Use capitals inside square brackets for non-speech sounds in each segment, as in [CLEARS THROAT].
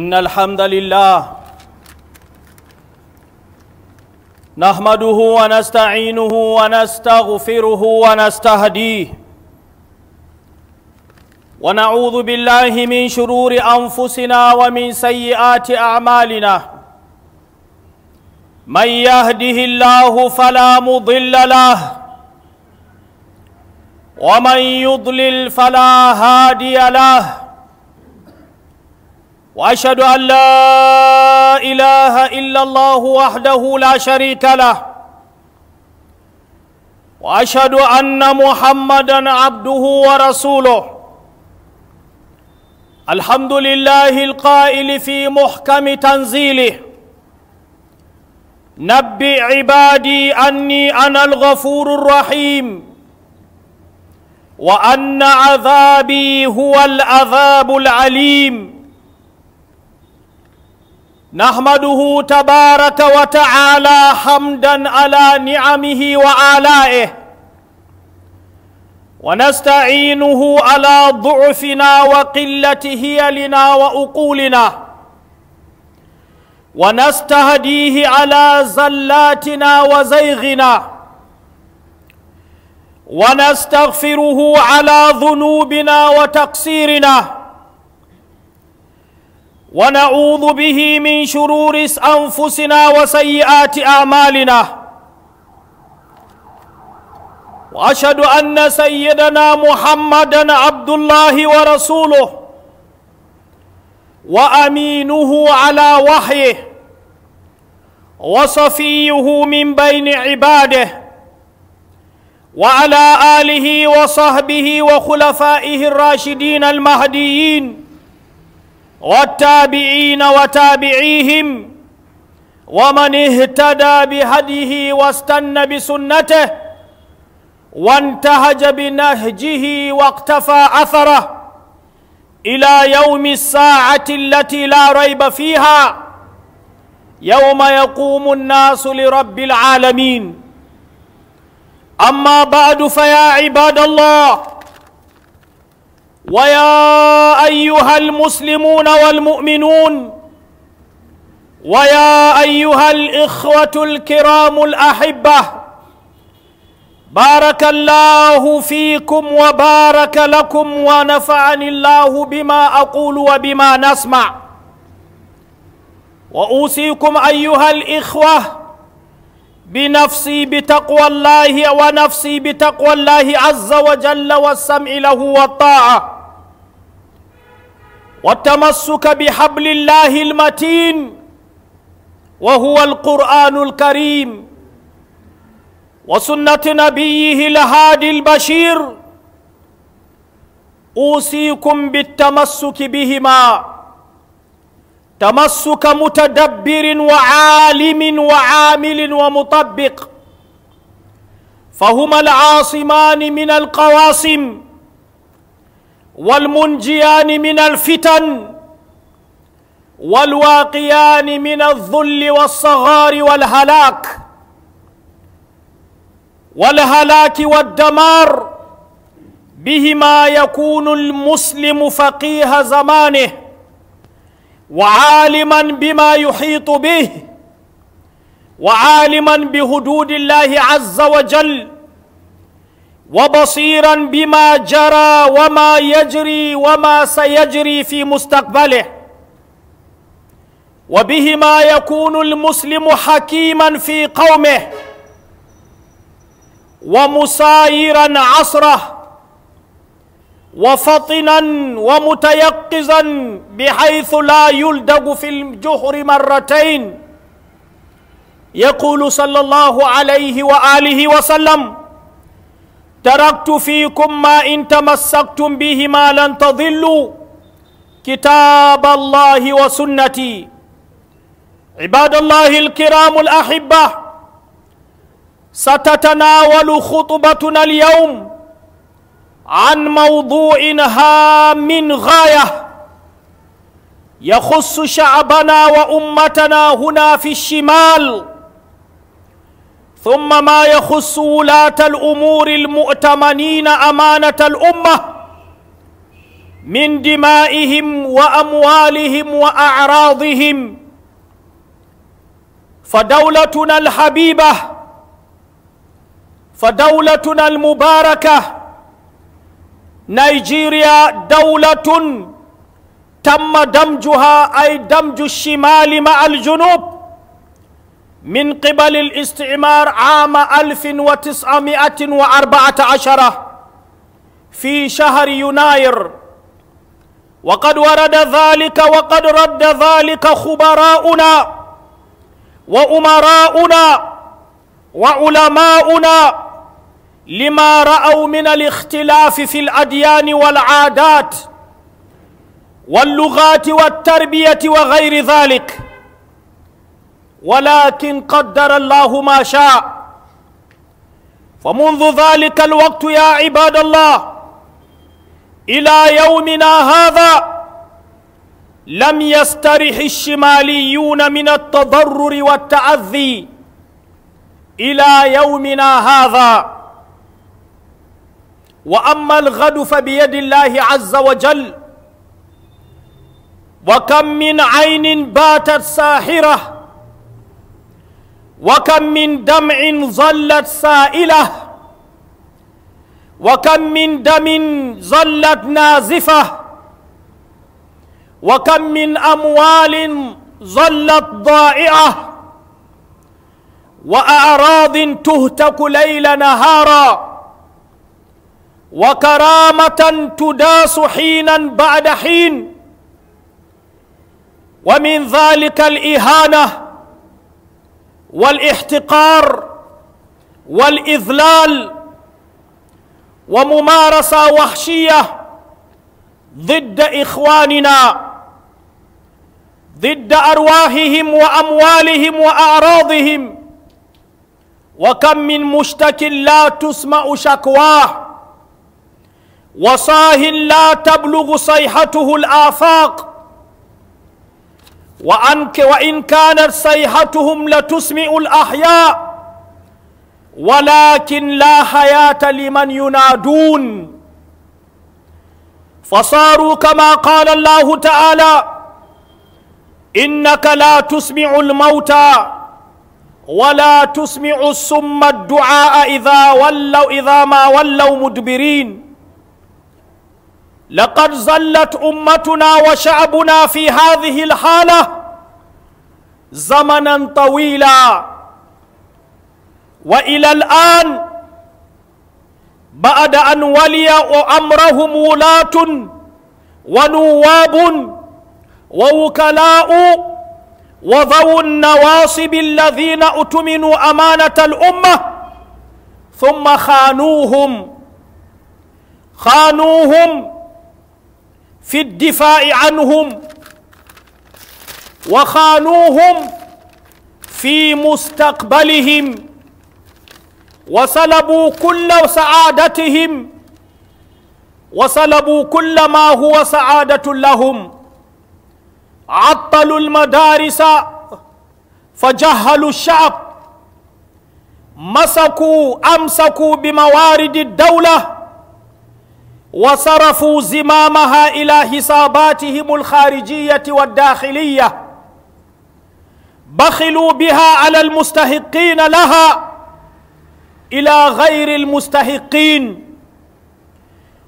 إن الحمد لله نحمده ونستعينه ونستغفره ونستهديه ونعوذ بالله من شرور أنفسنا ومن سيئات أعمالنا من يهده الله فلا مضل له ومن يضلل فلا هادي له واشهد ان لا اله الا الله وحده لا شريك له واشهد ان محمدا عبده ورسوله الحمد لله القائل في محكم تنزيله نبي عبادي اني انا الغفور الرحيم وان عذابي هو العذاب العليم نحمده تبارك وتعالى حمدا على نعمه وآلائه ونستعينه على ضعفنا وقلة هيلنا وأقولنا ونستهديه على زلاتنا وزيغنا ونستغفره على ذنوبنا وتقصيرنا ونعوذ به من شرور أنفسنا وسيئات أعمالنا وأشهد أن سيدنا محمدا عبد الله ورسوله وأمينه على وحيه وصفيه من بين عباده وعلى آله وصحبه وخلفائه الراشدين المهديين والتابعين وتابعيهم ومن اهتدى بهديه واستنى بسنته وانتهج بنهجه واقتفى اثره الى يوم الساعه التي لا ريب فيها يوم يقوم الناس لرب العالمين اما بعد فيا عباد الله ويا أيها المسلمون والمؤمنون ويا أيها الإخوة الكرام الأحبة بارك الله فيكم وبارك لكم ونفعني الله بما أقول وبما نسمع وأوصيكم أيها الإخوة بنفسي بتقوى الله ونفسي بتقوى الله عز وجل والسمع له والطاعة والتمسك بحبل الله المتين وهو القرآن الكريم وسنة نبيه الهادي البشير أوصيكم بالتمسك بهما تمسك متدبر وعالم وعامل ومطبق فهما العاصمان من القواصم والمنجيان من الفتن والواقيان من الذل والصغار والهلاك والهلاك والدمار بهما يكون المسلم فقيه زمانه وعالما بما يحيط به وعالما بحدود الله عز وجل وبصيرا بما جرى وما يجري وما سيجري في مستقبله وبهما يكون المسلم حكيما في قومه ومسايرا عصره وفطنا ومتيقظا بحيث لا يلدغ في الجحر مرتين يقول صلى الله عليه واله وسلم تركت فيكم ما إن تمسكتم بهما لن تضلوا كتاب الله وسنتي عباد الله الكرام الأحبة ستتناول خطبتنا اليوم عن موضوع هام غاية يخص شعبنا وأمتنا هنا في الشمال ثم ما يخص ولاة الأمور المؤتمنين أمانة الأمة من دمائهم وأموالهم وأعراضهم فدولتنا الحبيبة فدولتنا المباركة نيجيريا دولة تم دمجها أي دمج الشمال مع الجنوب من قبل الاستعمار عام 1914 في شهر يناير وقد ورد ذلك وقد رد ذلك خبراؤنا وأمراؤنا وعلماؤنا لما رأوا من الاختلاف في الأديان والعادات واللغات والتربية وغير ذلك ولكن قدر الله ما شاء فمنذ ذلك الوقت يا عباد الله الى يومنا هذا لم يسترح الشماليون من التضرر والتعذي الى يومنا هذا واما الغد فبيد الله عز وجل وكم من عين باتت ساحره وكم من دمع ظلت سائلة وكم من دم ظلت نازفة وكم من أموال ظلت ضائعة وأعراض تهتك ليل نهارا وكرامة تداس حينا بعد حين ومن ذلك الإهانة والاحتقار والاذلال وممارسه وحشيه ضد اخواننا ضد ارواحهم واموالهم واعراضهم وكم من مشتك لا تسمع شكواه وصاه لا تبلغ صيحته الافاق وأنك وإن كانت صيحتهم لتسمع الأحياء ولكن لا حياة لمن ينادون فصاروا كما قال الله تعالى إنك لا تسمع الموتى ولا تسمع السم الدعاء إذا ولوا إذا ما ولوا مدبرين لقد ظلت امتنا وشعبنا في هذه الحاله زمنا طويلا والى الان بعد ان ولي امرهم ولاه ونواب ووكلاء وذو النواصب الذين اؤتمنوا امانه الامه ثم خانوهم خانوهم في الدفاع عنهم وخانوهم في مستقبلهم وسلبوا كل سعادتهم وسلبوا كل ما هو سعادة لهم عطلوا المدارس فجهلوا الشعب مسكوا أمسكوا بموارد الدولة وصرفوا زمامها إلى حساباتهم الخارجية والداخلية بخلوا بها على المستحقين لها إلى غير المستحقين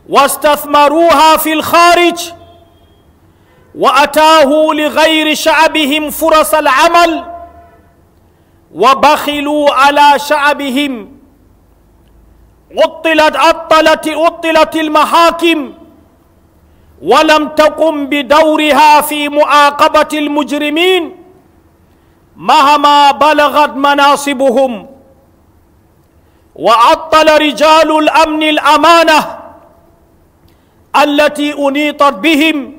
واستثمروها في الخارج وأتاهوا لغير شعبهم فرص العمل وبخلوا على شعبهم عطلت عطلت عطلت المحاكم ولم تقم بدورها في معاقبة المجرمين مهما بلغت مناصبهم وعطل رجال الأمن الأمانة التي أنيطت بهم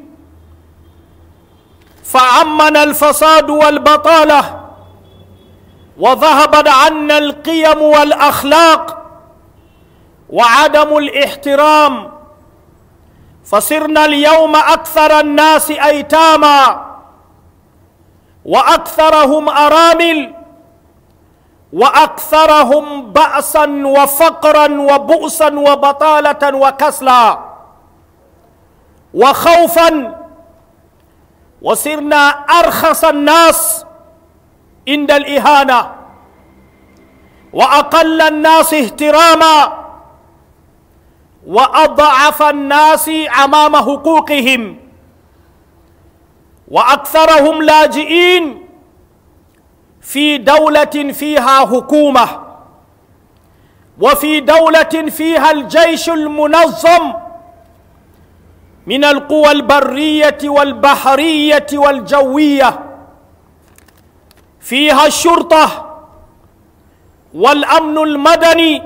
فعمنا الفساد والبطالة وذهبت عنا القيم والأخلاق وعدم الاحترام فصرنا اليوم اكثر الناس ايتاما واكثرهم ارامل واكثرهم باسا وفقرا وبؤسا وبطاله وكسلا وخوفا وصرنا ارخص الناس عند الاهانه واقل الناس اهتراما واضعف الناس امام حقوقهم واكثرهم لاجئين في دوله فيها حكومه وفي دوله فيها الجيش المنظم من القوى البريه والبحريه والجويه فيها الشرطه والامن المدني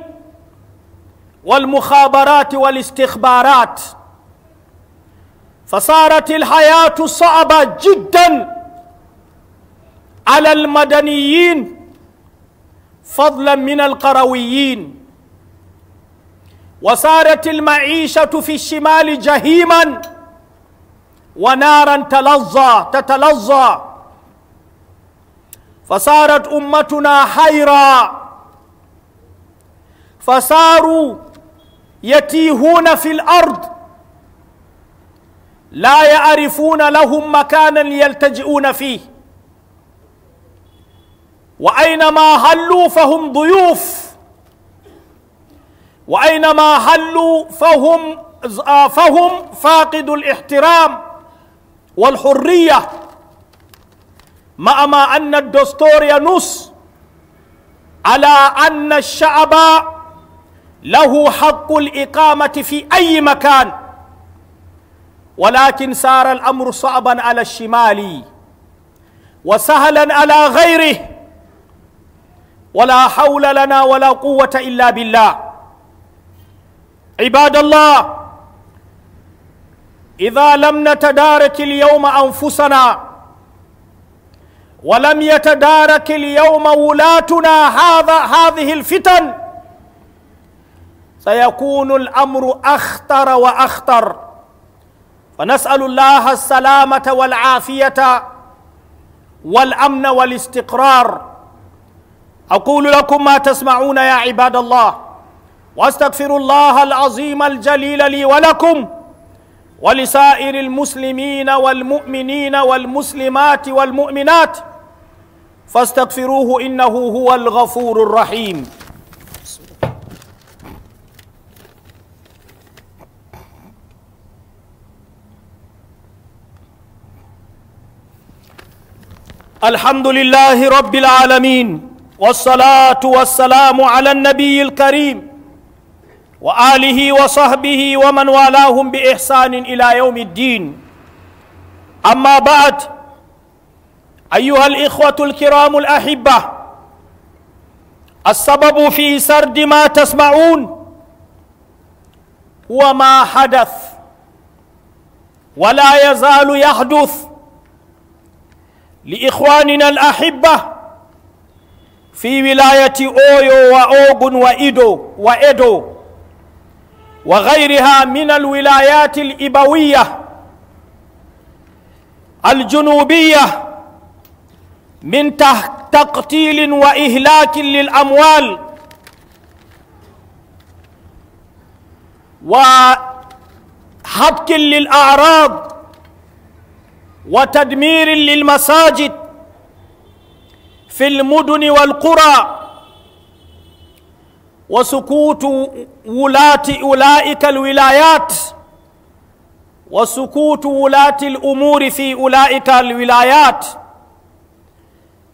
والمخابرات والاستخبارات فصارت الحياة صعبة جدا على المدنيين فضلا من القرويين وصارت المعيشة في الشمال جهيما ونارا تلظى تتلظى فصارت أمتنا حيرا فصاروا يتيهون في الارض لا يعرفون لهم مكانا يلتجئون فيه واينما هلوا فهم ضيوف واينما هلوا فهم آه، فهم فاقد الاحترام والحريه مع ما ان الدستور ينص على ان الشعب له حق الإقامة في أي مكان ولكن صار الأمر صعبا على الشمال وسهلا على غيره ولا حول لنا ولا قوة إلا بالله عباد الله إذا لم نتدارك اليوم أنفسنا ولم يتدارك اليوم ولاتنا هذا هذه الفتن سيكون الامر اخطر واخطر فنسال الله السلامه والعافيه والامن والاستقرار اقول لكم ما تسمعون يا عباد الله واستغفر الله العظيم الجليل لي ولكم ولسائر المسلمين والمؤمنين والمسلمات والمؤمنات فاستغفروه انه هو الغفور الرحيم الحمد لله رب العالمين والصلاة والسلام على النبي الكريم وآله وصحبه ومن والاهم بإحسان إلى يوم الدين أما بعد أيها الإخوة الكرام الأحبة السبب في سرد ما تسمعون وما حدث ولا يزال يحدث لإخواننا الأحبة في ولاية أويو وأوغن وإيدو وإيدو وغيرها من الولايات الإبوية الجنوبية من تقتيل وإهلاك للأموال وحبك للأعراض وتدمير للمساجد في المدن والقرى وسكوت ولاة أولئك الولايات وسكوت ولاة الأمور في أولئك الولايات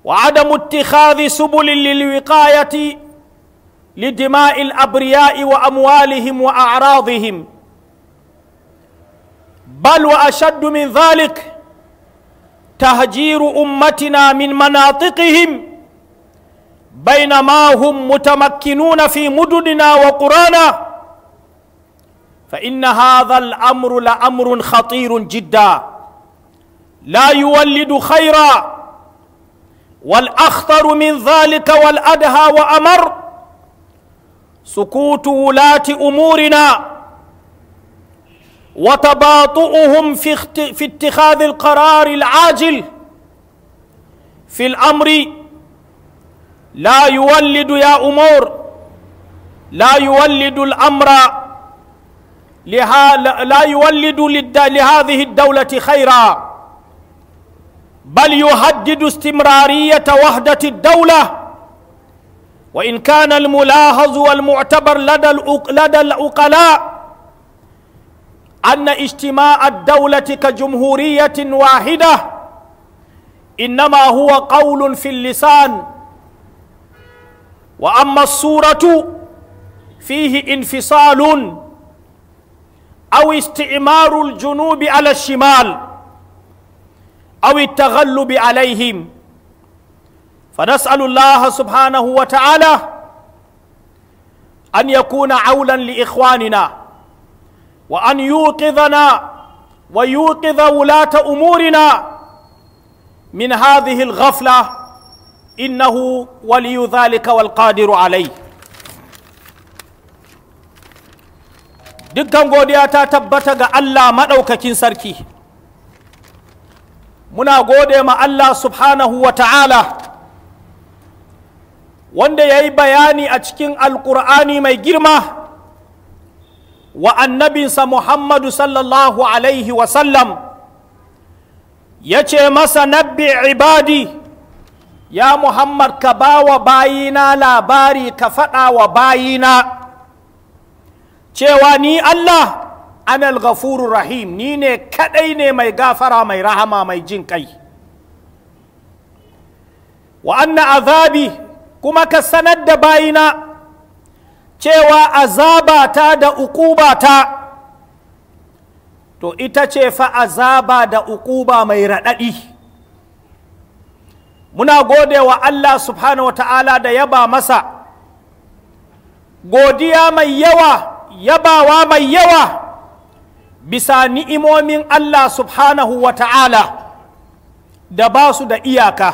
وعدم اتخاذ سبل للوقاية لدماء الأبرياء وأموالهم وأعراضهم بل وأشد من ذلك تهجير امتنا من مناطقهم بينما هم متمكنون في مدننا وقرانا فان هذا الامر لامر خطير جدا لا يولد خيرا والاخطر من ذلك والادهى وامر سكوت ولاه امورنا وتباطؤهم في, في اتخاذ القرار العاجل في الامر لا يولد يا امور لا يولد الامر لها لا يولد لهذه الدوله خيرا بل يهدد استمراريه وحده الدوله وان كان الملاحظ والمعتبر لدى لدى العقلاء أن اجتماع الدولة كجمهورية واحدة إنما هو قول في اللسان وأما الصورة فيه انفصال أو استعمار الجنوب على الشمال أو التغلب عليهم فنسأل الله سبحانه وتعالى أن يكون عولا لإخواننا وأن يوقظنا ويوقظ ولاة أمورنا من هذه الغفلة إنه ولي ذلك والقادر عليه dukkan godiya ta tabbata ga Allah maɗaukakin sarki muna gode ma Allah subhanahu wa ta'ala wanda ya yi bayani a cikin alƙur'ani mai girma wa annabinsa Muhammadu sallallahu Alaihi ya ce masa nabbi ibadi ya Muhammad ka bawa bayina labari ka faɗawa bayina cewa ni Allah anal ghafuru rahim ni ne kaɗai ne mai gafara mai rahama mai jin kai wa anna azabi kuma ka sanar da bayina cewa azaba ta da ukubata to ita ce fa azaba da ukuba mai raɗaɗi muna gode wa Allah subhanahu ta'ala da yaba masa godiya mai yawa yabawa mai yawa bisa ni'imomin Allah subhanahu wa ta'ala da ba su da iyaka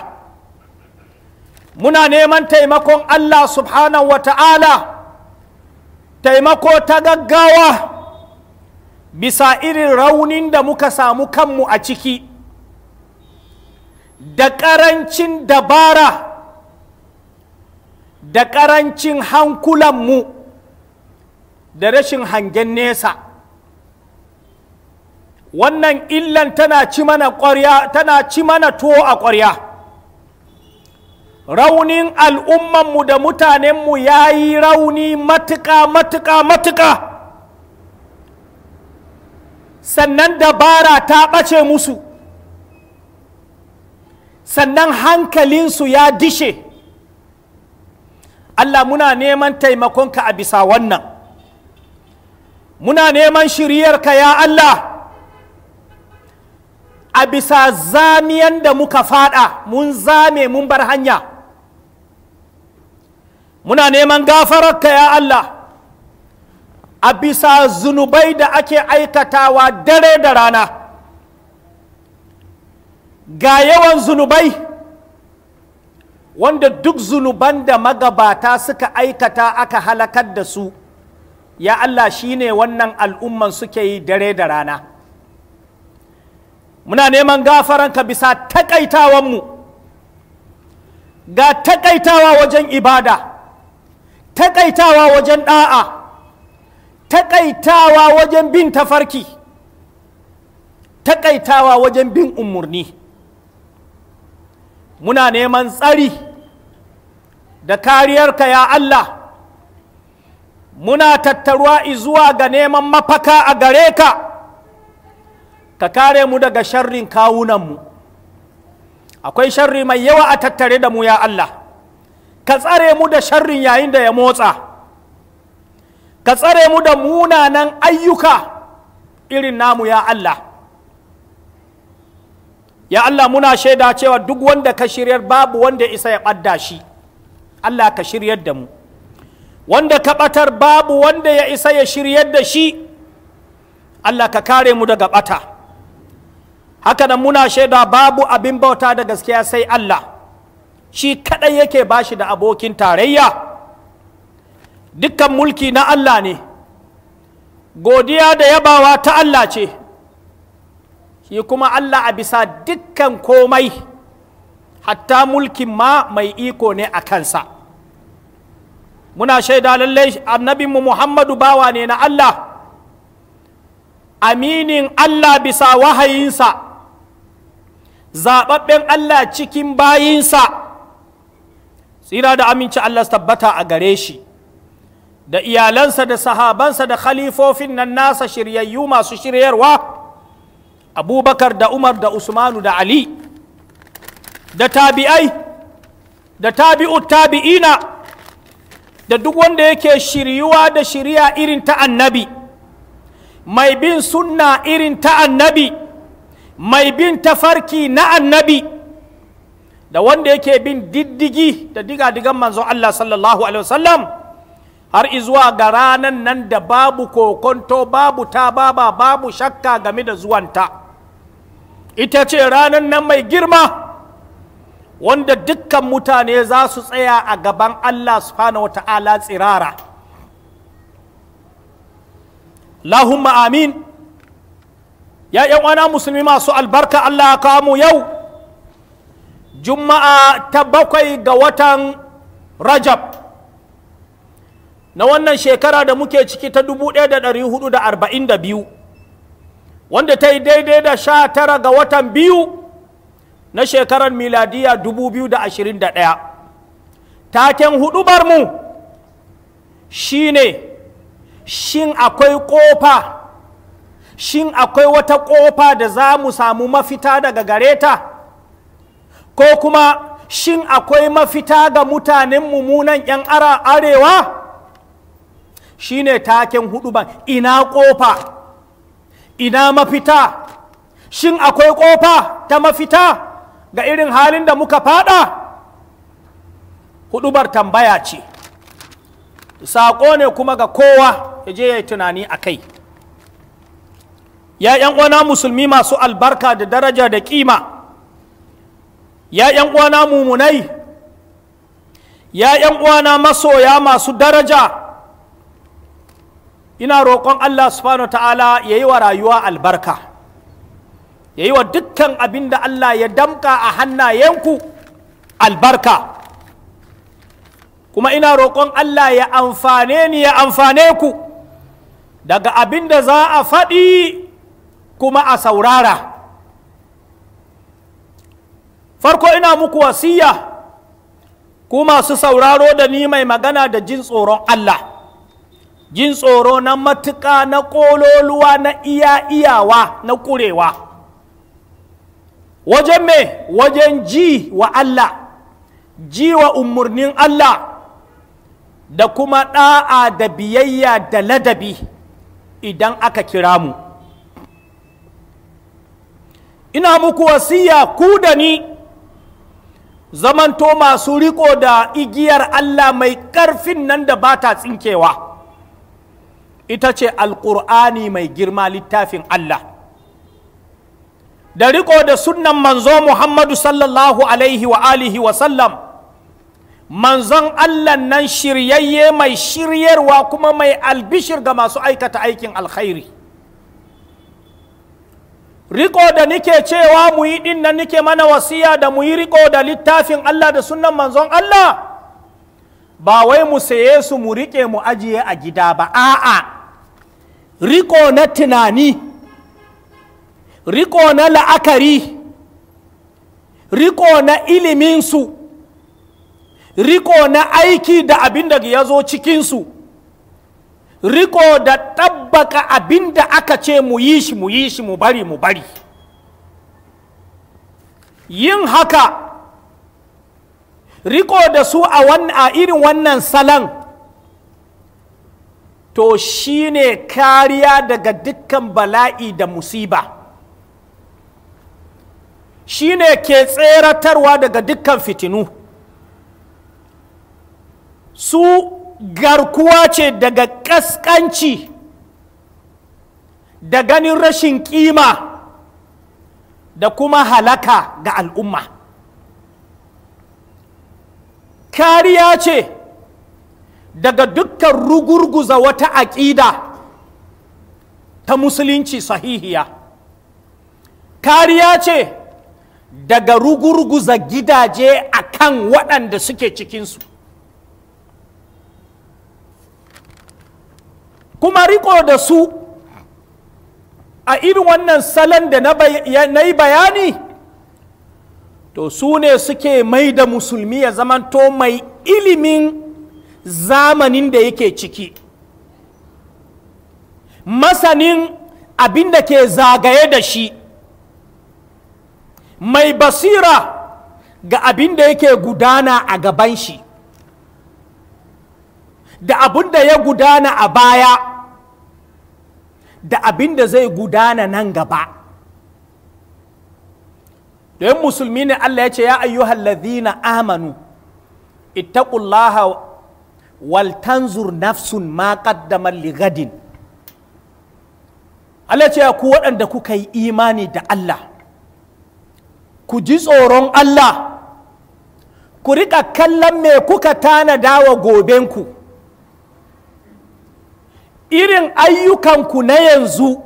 muna neman taimakon Allah subhanahu wa ta'ala taimako ta gaggawa bisa irin raunin da muka samu kanmu a ciki da ƙarancin dabara da ƙarancin hankulanmu da rashin hangen nesa wannan illan tana ci mana tuwo a ƙwarya raunin al'ummanmu da mutanenmu ya yi rauni matuƙa matuƙa matuƙa sannan dabara ta ɓace musu sannan hankalinsu ya dishe Allah muna neman taimakonka a bisa wannan muna neman shiryarka ya Allah a bisa zamiyan da muka fada mun zame mun bar hanya muna neman gafararka ya Allah a bisa zunubai da ake aikatawa dare da rana ga yawan zunubai wanda duk zunuban da magabata suka aikata aka halakar da su ya Allah shi ne wannan al'umman suke yi dare da rana muna neman gafaranka bisa takaitawanmu ga takaitawa wajen ibada Taƙaitawa wajen ɗa'a, taƙaitawa wajen bin tafarki taƙaitawa wajen bin umarni muna neman tsari da kariyarka ya Allah muna tattaruwa zuwa ga neman mafaka a gare ka ka kare mu daga sharrin kawunanmu akwai sharri mai yawa a tattare da mu ya Allah ka tsare mu da sharrin yayin da ya motsa ka tsare mu da munanan ayyuka irin namu ya Allah ya Allah muna shaida cewa duk wanda ka shiryar babu wanda isa ya ɓadda shi Allah ka shiryar da mu wanda ka ɓatar babu wanda ya isa ya shiryar da shi Allah ka kare mu daga ɓata haka da muna shaida babu abin bauta da gaskiya sai Allah shi kaɗai yake ba shi da abokin tarayya dukkan mulki na Allah ne godiya da yabawa ta Allah ce shi kuma Allah a bisa dukkan komai hatta mulkin ma mai iko ne a kansa muna shaida lallai annabinmu Muhammadu bawa ne na Allah aminin Allah bisa wahayinsa zaɓaɓɓen Allah cikin bayinsa tsira da aminci Allah tabbata a gare shi da iyalansa da sahabansa da khalifofin nan nasa shiryayyu masu shiryarwa abubakar da umar da usmanu da ali da tabi'ai da tabi'u tabi'ina da duk wanda yake shiryuwa da shirya irin ta annabi mai bin sunna irin ta annabi mai bin tafarki na annabi da wanda yake bin diddigi da diga-digan manzon Allah sallallahu alaihi wasallam har izuwa ga ranan nan da babu kokonto babu ta baba babu shakka game da zuwanta ita ce ranan nan mai girma wanda dukkan mutane za su tsaya a gaban Allah subhanahu wata'ala tsirara Allahumma amin ya ‘yan wana musulmi masu albarka Allah ya kamu yau juma'a ta bakwai ga watan rajab na wannan shekara da muke ciki ta 1442 wanda ta yi daidai da sha tara ga watan biyu na shekarar miladiya 2021 taken hudubar mu shine shin akwai kofa shin akwai wata kofa da za mu samu mafita daga gareta ko kuma shin akwai mafita ga mutanen mummunan 'yan ara arewa shine taken hudu ba ina kofa ina mafita shin akwai kofa ta mafita ga irin halin da muka fada hudubar tambaya ce saƙo ne kuma ga kowa ya je ya yi tunani a kai ya 'yan uwana musulmi masu albarka da daraja da kima ya ‘yan uwana mumunai ya ‘yan uwana masoya masu daraja ina roƙon Allah subhanahu ta'ala ya yi wa rayuwa albarka ya yi wa dukkan abin da Allah ya damka a hannayenku albarka kuma ina roƙon Allah ya amfane ni ya amfane ku daga abin da za a faɗi kuma a saurara farko ina muku wasiya ku masu sauraro da ni mai magana da jin tsoron Allah jin tsoro na matuƙa na ƙololuwa na iya iyawa na ƙurewa wajen me wajen ji wa Allah ji wa umarnin Allah da kuma ɗa'a da biyayya da ladabi idan aka kira mu ina muku wasiya ku da ni zamanto masu riko da igiyar Allah mai ƙarfin nan da ba ta tsinkewa ita ce alƙur'ani mai girma littafin Allah da riko da sunnan manzo Muhammadu sallallahu alaihi wa alihi wa sallam manzon Allah nan shiryayye mai shiryarwa kuma mai albishir ga masu aikata aikin alkhairi riko da nike cewa mu yi din nan nike mana wasiya da mu yi riko da littafin Allah da sunan manzon Allah ba wai mu saye su mu rike mu ajiye a gida ba a'a riko na tunani riko na la'akari riko na iliminsu riko na aiki da abin da ya zo cikinsu riko da tabbaka abinda aka ce mu yi shi mu yi shi mu bari mu bari yin haka riko da su a irin wannan salon to shi ne kariya daga dukkan bala'i da musiba shi ne ke tseratarwa daga dukkan fitinu su garkuwa ce daga ƙasƙanci da ganin rashin ƙima da kuma halaka ga al'umma kariya ce daga dukkan rugurguza wata aƙida ta musulunci sahihiya kariya ce daga rugurguza gidaje a kan waɗanda suke cikinsu kuma riko da su a irin wannan salon da na yi bayani to su ne suke mai da musulmi ya zamanto mai ilimin zamanin da yake ciki masanin abin da ke zagaye da shi mai basira ga abin da yake gudana a gaban shi da abin da ya gudana a baya da abin da zai gudana nan gaba don musulmi ne Allah ya ce ya ayyuhal ladhina amanu ittaqullaha wal tanzur nafsun ma ligadin. li Allah ya ce ku waɗanda kuka yi imani da Allah ku ji tsoron Allah ku riƙa kallon me kuka tanada wa gobenku ku irin ayyukanku na yanzu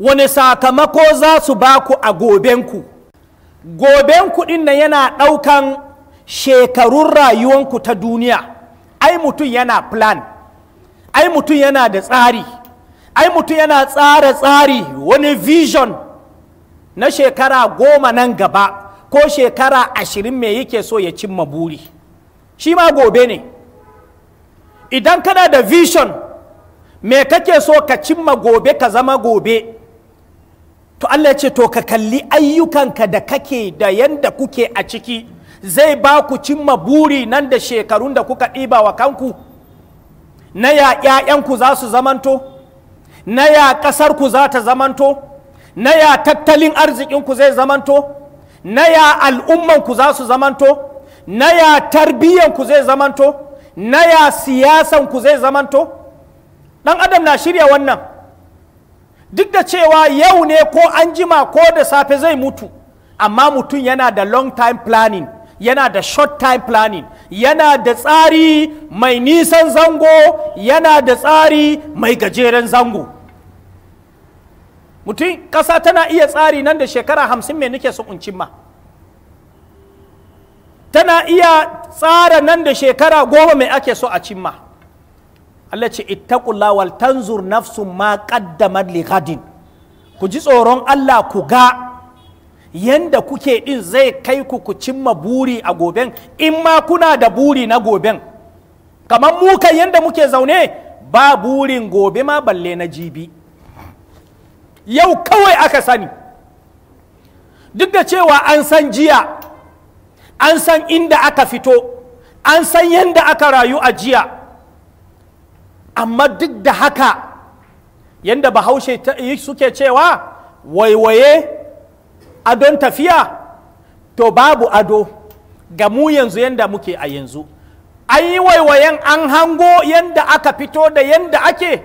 wani sakamako za su ba ku a gobenku Goben ɗin na yana ɗaukan shekarun rayuwanku ta duniya ai mutum yana plan ai mutum yana da tsari ai mutum yana tsara tsari wani vision na shekara goma nan gaba ko shekara ashirin me yake so ya cimma buri shi ma gobe ne idan kana da vision me kake so ka cimma gobe ka zama gobe to Allah ya ce to ka kalli ayyukanka da kake da yanda kuke a ciki zai ba ku cimma buri nan da shekarun da kuka ɗiba wa kanku na ya ‘ya'yanku za su zamanto na ya ƙasarku za ta zamanto na ya tattalin arzikinku zai zamanto na ya al'ummanku za su zamanto na ya tarbiyyanku zai zamanto na ya siyasan ku zai zamanto ɗan adam na shirya wannan duk da cewa yau ne ko an jima ko da safe zai mutu amma mutum yana da long time planning yana da short time planning yana da tsari mai nisan zango yana da tsari mai gajeren zango mutum ƙasa tana iya tsari nan da shekara hamsin mai nake so in cimma tana iya tsara nan da shekara goma mai ake so a cimma Allah ce ittaqullah wal tanzur nafsun ma qaddamat li ku ji tsoron Allah ku ga yanda kuke din zai kai ku ku cimma buri a goben in ma kuna da buri na goben kamar mu kan yanda muke zaune ba burin gobe ma balle na jibi yau kawai aka sani duk da cewa an san jiya an san inda aka fito an san yadda aka rayu a jiya amma duk da haka yadda bahaushe suke cewa waiwaye adon tafiya to babu ado ga mu yanzu yadda muke a yanzu an yi waiwayen an hango yadda aka fito da yadda ake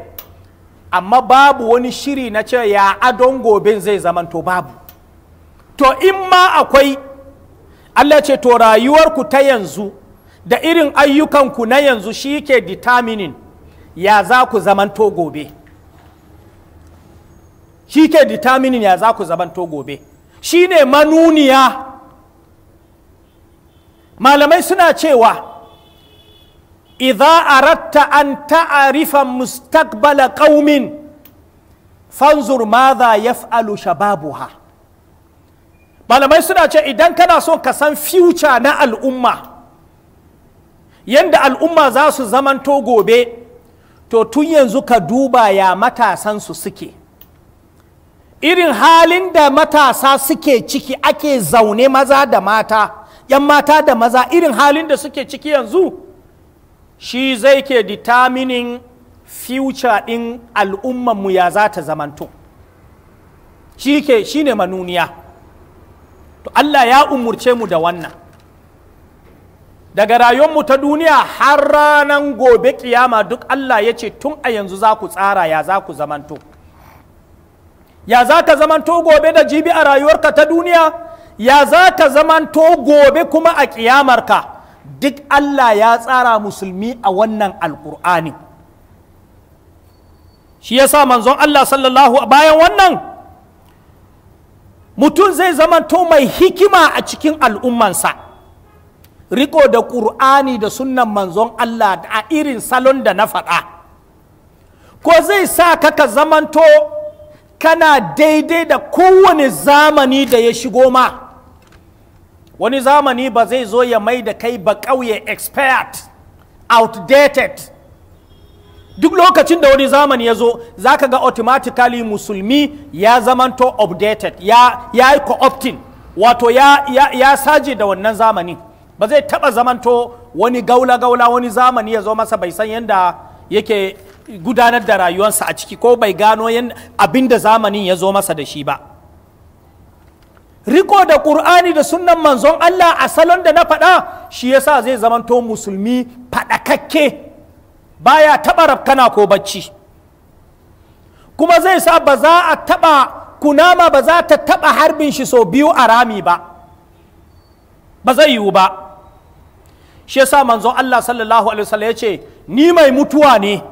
amma babu wani shiri na ce ya adon gobe zai zamanto babu to in ma akwai Allah ce to rayuwarku ta yanzu da irin ayyukanku na yanzu shi ke determining ya za ku zamanto gobe shi ke determining ya za ku zamanto gobe shi ne manuniya malamai suna cewa idza aratta an ta'arifa mustaqbala qaumin fanzur madha yaf'alu shababuha malamai suna ce idan kana so ka san future na al'umma yadda al'umma za su zamanto gobe to tun yanzu ka duba ya matasan su suke irin halin da matasa suke ciki ake zaune maza da mata yan mata da maza irin halin da suke ciki yanzu shi zai ke determining future din al'ummanmu ya za ta zamanto shi ne manuniya to Allah ya umurce mu da wannan daga rayuwarmu ta duniya har ranar gobe kiyama duk Allah ya ce tun a yanzu za ku tsara ya za ku zamanto ya za ka zamanto gobe da jibi a rayuwarka ta duniya ya za ka zamanto gobe kuma a kiyamarka duk Allah ya tsara musulmi a wannan alkur'ani shi yasa manzon Allah sallallahu bayan wannan mutum zai zamanto mai hikima a cikin al'ummansa riko da ƙur'ani da sunnan manzon Allah a irin salon da na faɗa ko zai sa ka ka zamanto kana daidai da kowane zamani da ya shigo ma wani zamani ba zai zo ya mai da kai ba ƙauye expert outdated duk lokacin da wani zamani ya zo za ka ga automatically musulmi ya zamanto updated ya yi co-opting wato ya, ya, ya saje da wannan zamani ba zai taɓa zamanto wani gaula-gaula wani zamani ya zo masa bai san yadda yake gudanar da rayuwarsa a ciki ko bai gano abin da zamanin ya zo masa da shi ba riko da ƙur'ani da sunnan manzon Allah a salon da na faɗa shi yasa zai zamanto musulmi faɗakakke baya taɓa rafkana ko bacci kuma zai sa ba za a taɓa kunama ba za ta taɓa harbin shi sau biyu a rami ba ba zai yiwu ba shi yasa manzo. Allah sallallahu alaihi wasallam ya ce ni mai mutuwa ne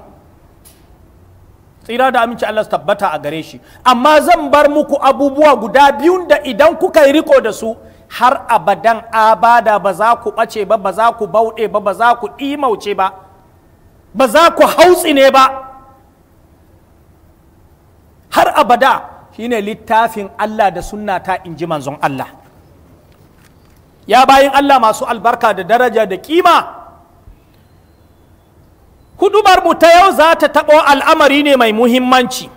tsira da aminci Allah tabbata a gare shi amma zan bar muku abubuwa guda biyu da idan kuka yi riko da su har abadan abada ba za ku ɓace ba ba za ku bauɗe ba ba za ku imauce ba ba za ku hau tsine ba har abada shine littafin Allah da sunna ta in ji manzon Allah ya bayin Allah masu albarka da daraja da kima hudubar mu ta yau za ta taɓo al'amari ne mai muhimmanci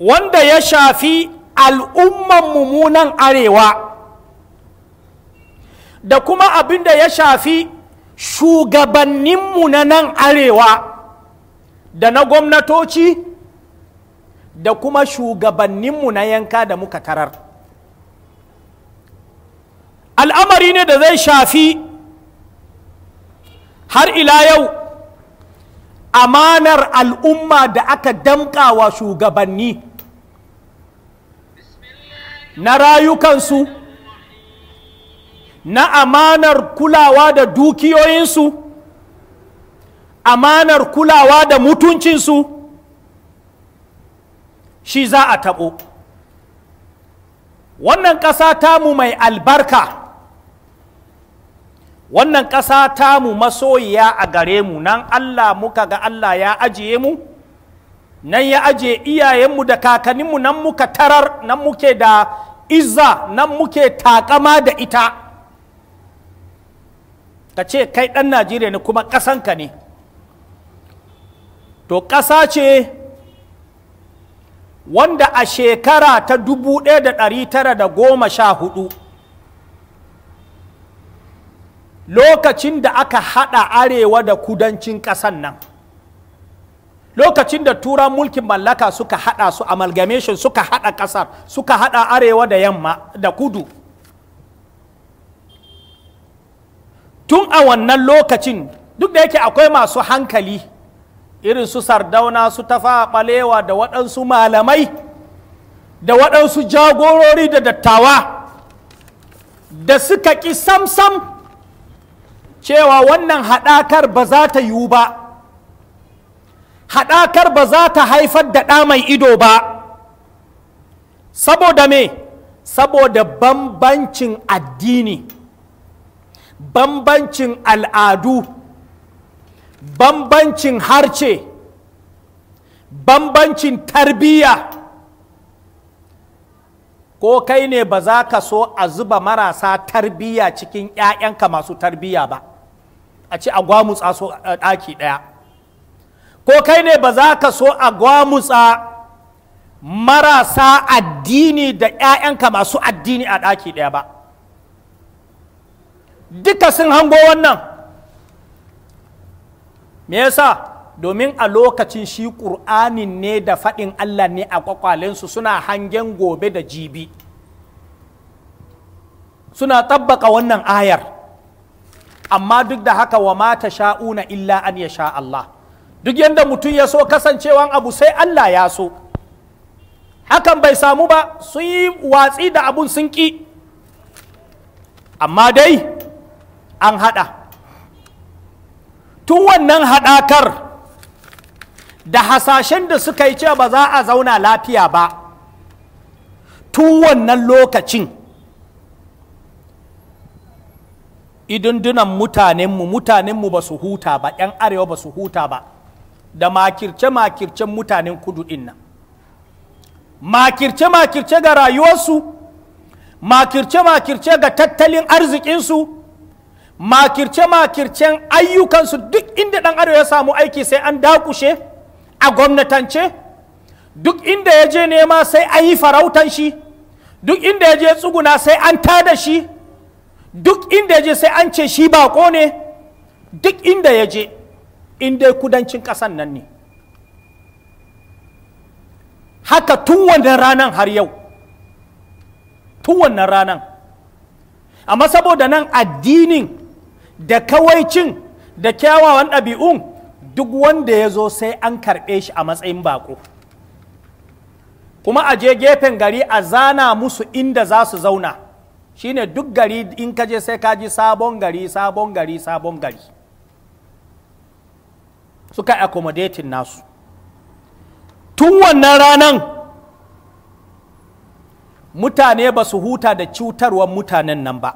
wanda ya shafi al'umman mummunan arewa da kuma abin da ya shafi shugabanninmu na nan arewa da na gwamnatoci da kuma shugabanninmu na yanka da muka tarar al'amari ne da zai shafi har ila yau amanar al'umma da aka damƙa wa shugabanni na rayukansu na amanar kulawa da dukiyoyinsu amanar kulawa da mutuncinsu shi za a taɓo wannan ƙasa tamu mai albarka wannan ƙasa tamu masoyiya a gare mu nan allah muka ga allah ya ajiye mu nan ya ajiye iyayenmu da kakanninmu nan muka tarar nan muke da izza nan muke taƙama da ita ka ce kai ɗan najeriya ne kuma ƙasanka ne to ƙasa ce wanda a shekara ta dubu ɗaya da da tara goma sha 1914 lokacin da aka haɗa arewa da kudancin ƙasan nan lokacin da turan mulkin mallaka suka haɗa su amalgamation suka haɗa ƙasar suka haɗa arewa da yamma da kudu tun a wannan lokacin duk da yake akwai masu hankali irin su sardauna su tafa balewa da waɗansu malamai da waɗansu jagorori da dattawa da suka ƙi samsam cewa wannan haɗakar ba za ta yiwu ba haɗakar ba za ta haifar da ɗa mai ido ba saboda me saboda bambancin addini bambancin al'adu bambancin harce bambancin tarbiyya ko kai ne ba za ka so a zuba marasa tarbiyya cikin 'ya'yanka masu tarbiyya ba a ci a gwamutsa so a ɗaki ɗaya ko kai ne ba za ka so a gwamutsa marasa addini da 'ya'yanka masu addini a ɗaki ɗaya ba duka sun hango wannan me yasa domin a lokacin shi ƙur'anin ne da faɗin Allah ne a kwakwalensu suna hangen gobe da jibi suna tabbaka wannan ayar amma duk da haka wa mata sha'una illa an ya sha Allah duk yadda mutum ya so kasancewan abu sai Allah ya so hakan bai samu ba sun yi watsi da abun sun ƙi amma dai an haɗa tun wannan haɗakar da hasashen da suka yi cewa ba za a zauna lafiya ba tun wannan lokacin idundunan mutanenmu mutanenmu ba su huta ba 'yan arewa ba su huta ba da makirce-makircen mutanen kudu inna makirce-makirce ga rayuwarsu makirce-makirce ga tattalin arzikinsu makirce-makircen ayyukansu duk inda ɗan arewa ya samu aiki sai an dakushe a gwamnatance duk inda ya je nema sai an yi farautan shi duk inda ya je tsuguna sai an tada shi duk inda ya je sai an ce shi bako ne duk inda ya je inda kudancin ƙasan nan ne haka tun wannan ranan har yau tun wannan ranan amma saboda nan addinin da kawaicin da kyawawan ɗabi'un duk wanda ya zo sai an karɓe shi a matsayin baƙo kuma a je gefen gari a zana musu inda za su zauna shine duk gari in ka je sai ka ji sabon gari sabon gari sabon gari suka accommodating nasu tun wannan ranan mutane ba su huta da cutarwar mutanen nan ba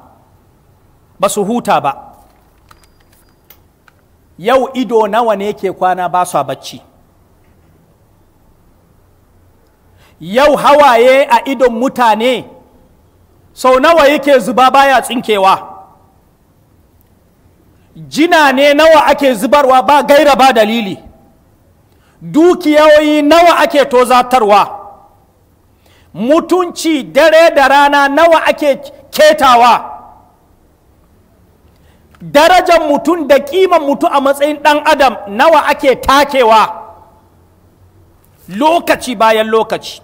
ba su huta ba yau ido nawa ne ke kwana ba su bacci yau hawaye a idon mutane sau so, nawa yake zuba baya tsinkewa jina ne nawa ake zubarwa ba gaira ba dalili dukiyoyi nawa ake tozatarwa mutunci dare da rana nawa ake ketawa darajar mutum da kiman mutum a matsayin ɗan adam nawa ake takewa lokaci bayan lokaci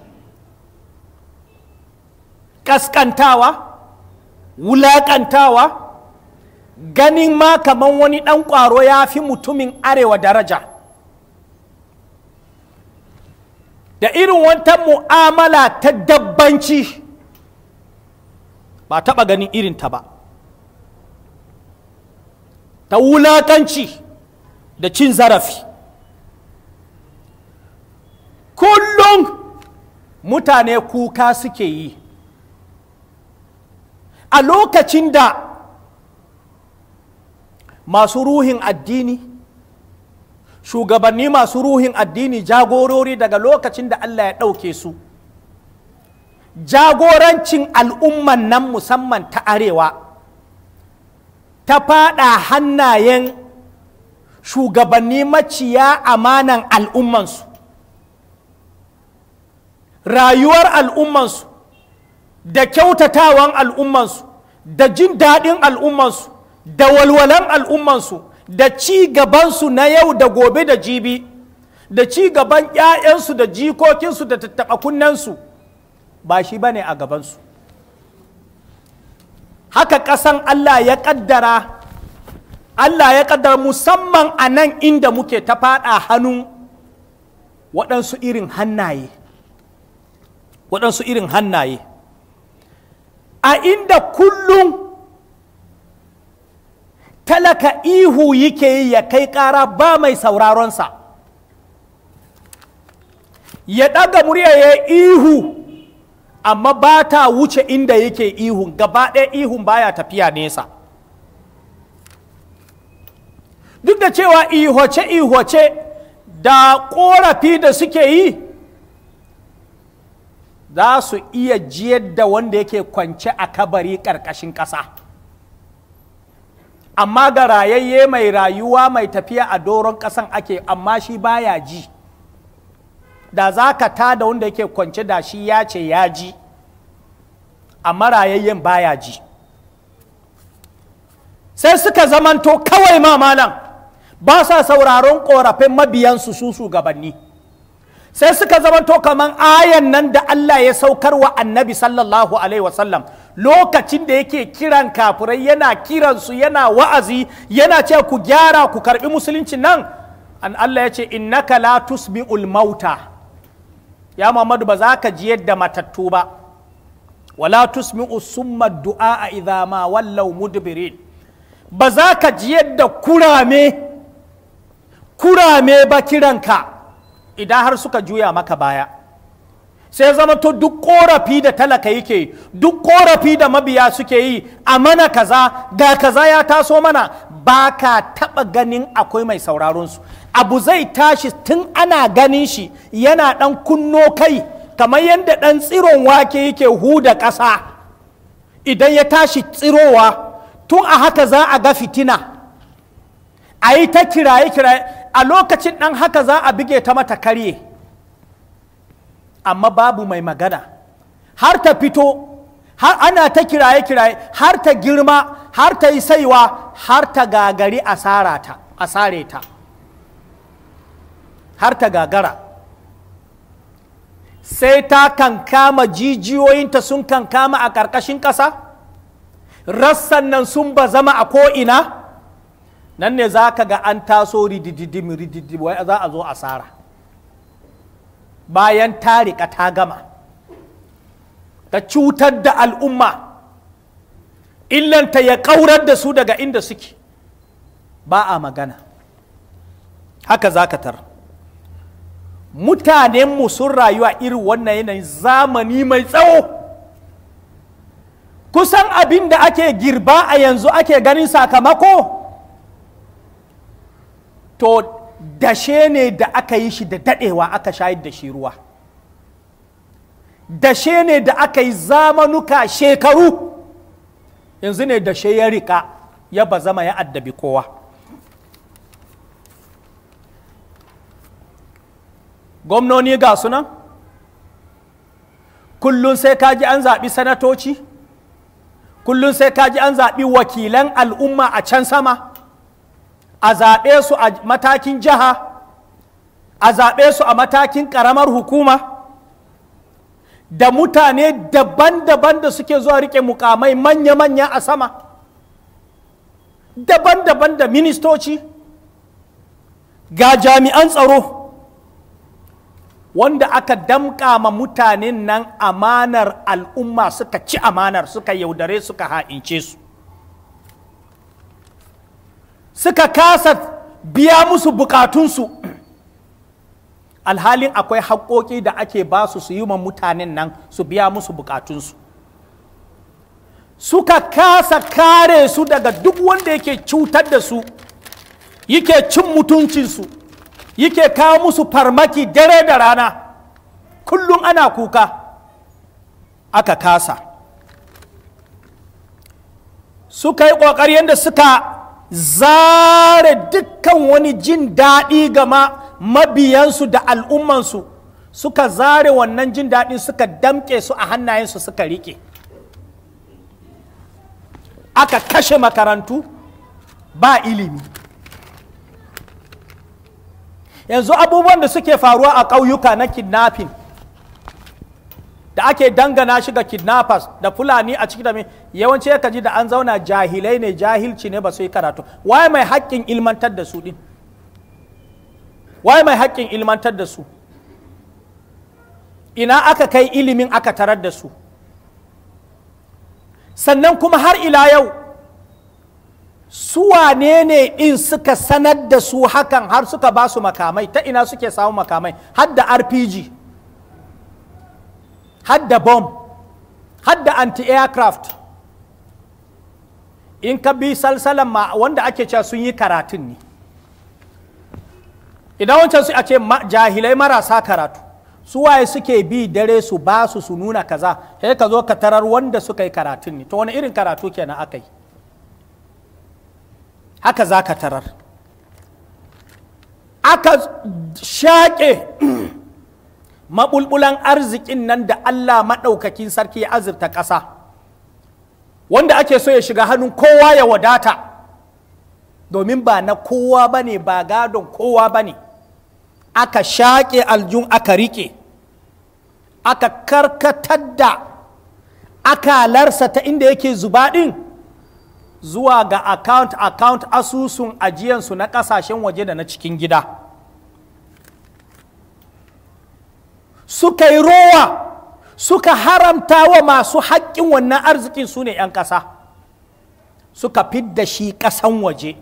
ƙasƙantawa wulaƙantawa ganin ma kamar wani ɗan ƙwaro ya fi mutumin arewa daraja da irin wata mu'amala ta dabbanci ba taɓa ganin irinta ba ta wulaƙanci da cin zarafi kullum mutane kuka suke yi a lokacin da masu ruhin addini shugabanni masu ruhin addini jagorori daga lokacin da Allah ya ɗauke su jagorancin al'umman nan musamman ta arewa ta fada hannayen shugabanni maciya amanan al'ummansu rayuwar al'ummansu da kyautatawan al'ummansu da jin daɗin al'ummansu da walwalan al'ummansu da ci gabansu na yau da gobe da jibi da ci gaban 'ya'yansu da jikokinsu da tattaɓa kunnensu ba shi ba ne a gabansu haka ƙasan Allah ya ƙaddara Allah ya ƙaddara musamman a nan inda muke ta faɗa hannu waɗansu irin hannaye waɗansu irin hannaye a inda kullum talaka ihu yake yi ya kai ƙara ba mai sauraronsa ya ɗaga murya ya ihu amma ba ta wuce inda yake ihun gaba ɗaya ihun baya tafiya nesa duk da cewa ihoce ihoce da ƙorafi da suke yi za su iya jiyar da wanda yake kwance a kabari ƙarƙashin ƙasa amma ga rayayye mai rayuwa mai tafiya a doron ƙasan ake amma shi baya ji da za ka ta da wanda yake kwance da shi ya ce ya ji amma rayayyen baya ji sai suka zamanto kawai mamanan ba sa sauraron korafin mabiyansu su su gabanni. sai suka zamanto kamar ayan nan da Allah ya saukar wa annabi sallallahu alaihi wasallam lokacin da yake kiran kafirai yana kiransu yana wa'azi yana ce ku gyara ku karbi musulunci nan an Allah ya ce innaka la tusmi'ul mauta ya muhammadu ba za ka ji yadda matattu ba wala tusmi'u summa du'a idza ma wallau mudbirin ba za ka ji yadda kurame kurame ba kiranka idan har suka juya maka baya sai zama to duk korafi da talaka yake duk korafi da mabiya suke yi a mana kaza ga kaza ya taso mana ba ka taɓa ganin akwai mai sauraronsu abu zai tashi tun ana ganin shi yana ɗan kunno kai kamar yadda ɗan tsiron wake yake huda ƙasa idan ya tashi tsirowa tun a haka za a ga fitina a yi ta kiraye kiraye a lokacin ɗan haka za a buge ta mata karye amma babu mai magana har ta fito har ana ta kiraye kiraye har ta girma har ta yi saiwa har ta gagari a sare ta har ta gagara sai ta kankama jijiyoyinta sun kankama a ƙarƙashin ƙasa rassan nan sun ba zama a ko'ina nan ne za ka ga an taso rididimi rididimi za a zo asara bayan ta rika ta gama ta cutar da al'umma illanta ya ƙaurar da su daga inda suke ba a magana haka zakatar mutanenmu sun rayuwa irin wannan yanayin zamani mai tsawo kusan abin da ake girba a yanzu ake ganin sakamako to dashe ne da aka yi shi da daɗewa aka shayar da shi ruwa dashe ne da aka yi zamanuka shekaru yanzu ne dashe ya riƙa ya bazama ya addabi kowa gwamnoni ga sunan kullum sai kaji an zaɓi sanatoci kullum sai kaji an zaɓi wakilan al'umma a can sama a zaɓe su a matakin jiha a zaɓe su a matakin ƙaramar hukuma da mutane daban-daban da suke zuwa riƙe mukamai manya-manya a sama daban-daban da ministoci ga jami'an tsaro wanda aka damƙa ma mutanen nan amanar al'umma suka ci amanar suka yaudare suka ha'ince su suka kasa biya musu bukatunsu alhalin akwai haƙoƙi da ake ba su su yi wa mutanen nan su biya musu bukatunsu suka kasa kare su daga duk wanda yake cutar da su yake cin mutuncinsu yake kawo musu farmaki dare da rana kullum ana kuka aka kasa suka yi ƙoƙari yadda suka zare dukkan wani jin daɗi gama mabiyansu da al'ummansu suka zare wannan jin daɗin suka damƙe su a hannayensu suka riƙe aka kashe makarantu ba ilimi yanzu abubuwan da suke faruwa a ƙauyuka na kidnapping da ake dangana shi ga kidnappers da fulani a cikin dami yawanci ya kaji da an zauna jahilai ne jahilci ne ba su yi karatu waye mai haƙƙin ilmantar da su din waye mai haƙƙin ilmantar da su ina aka kai ilimin aka tarar da su sannan kuma har ila yau su wanene ne in suka sanar da su hakan har suka ba su makamai ta ina suke samu makamai har da rpg hadda bom hadda anti-aircraft in ka bi salsalan ma wanda ake cewa sun yi karatun ne idan wancan su a ce jahilai marasa karatu su waye suke bi dare su ba su su nuna kaza sai ka zo ka tarar wanda suka yi karatun ne to wani irin karatu kenan aka yi haka za ka tarar aka shaƙe maɓulɓulan arzikin nan da Allah maɗaukakin sarki ya azurta ƙasa wanda ake so ya shiga hannun kowa ya wadata domin ba na kowa ba ne ba gadon kowa ba ne aka shaƙe aljun aka riƙe aka karkatar da akalarsa ta inda yake zuba ɗin zuwa ga account account asusun ajiyansu na ƙasashen waje da na cikin gida. suka yi rowa suka haramta wa masu haƙƙin wannan arzikin su ne 'yan ƙasa suka fidda shi ƙasan waje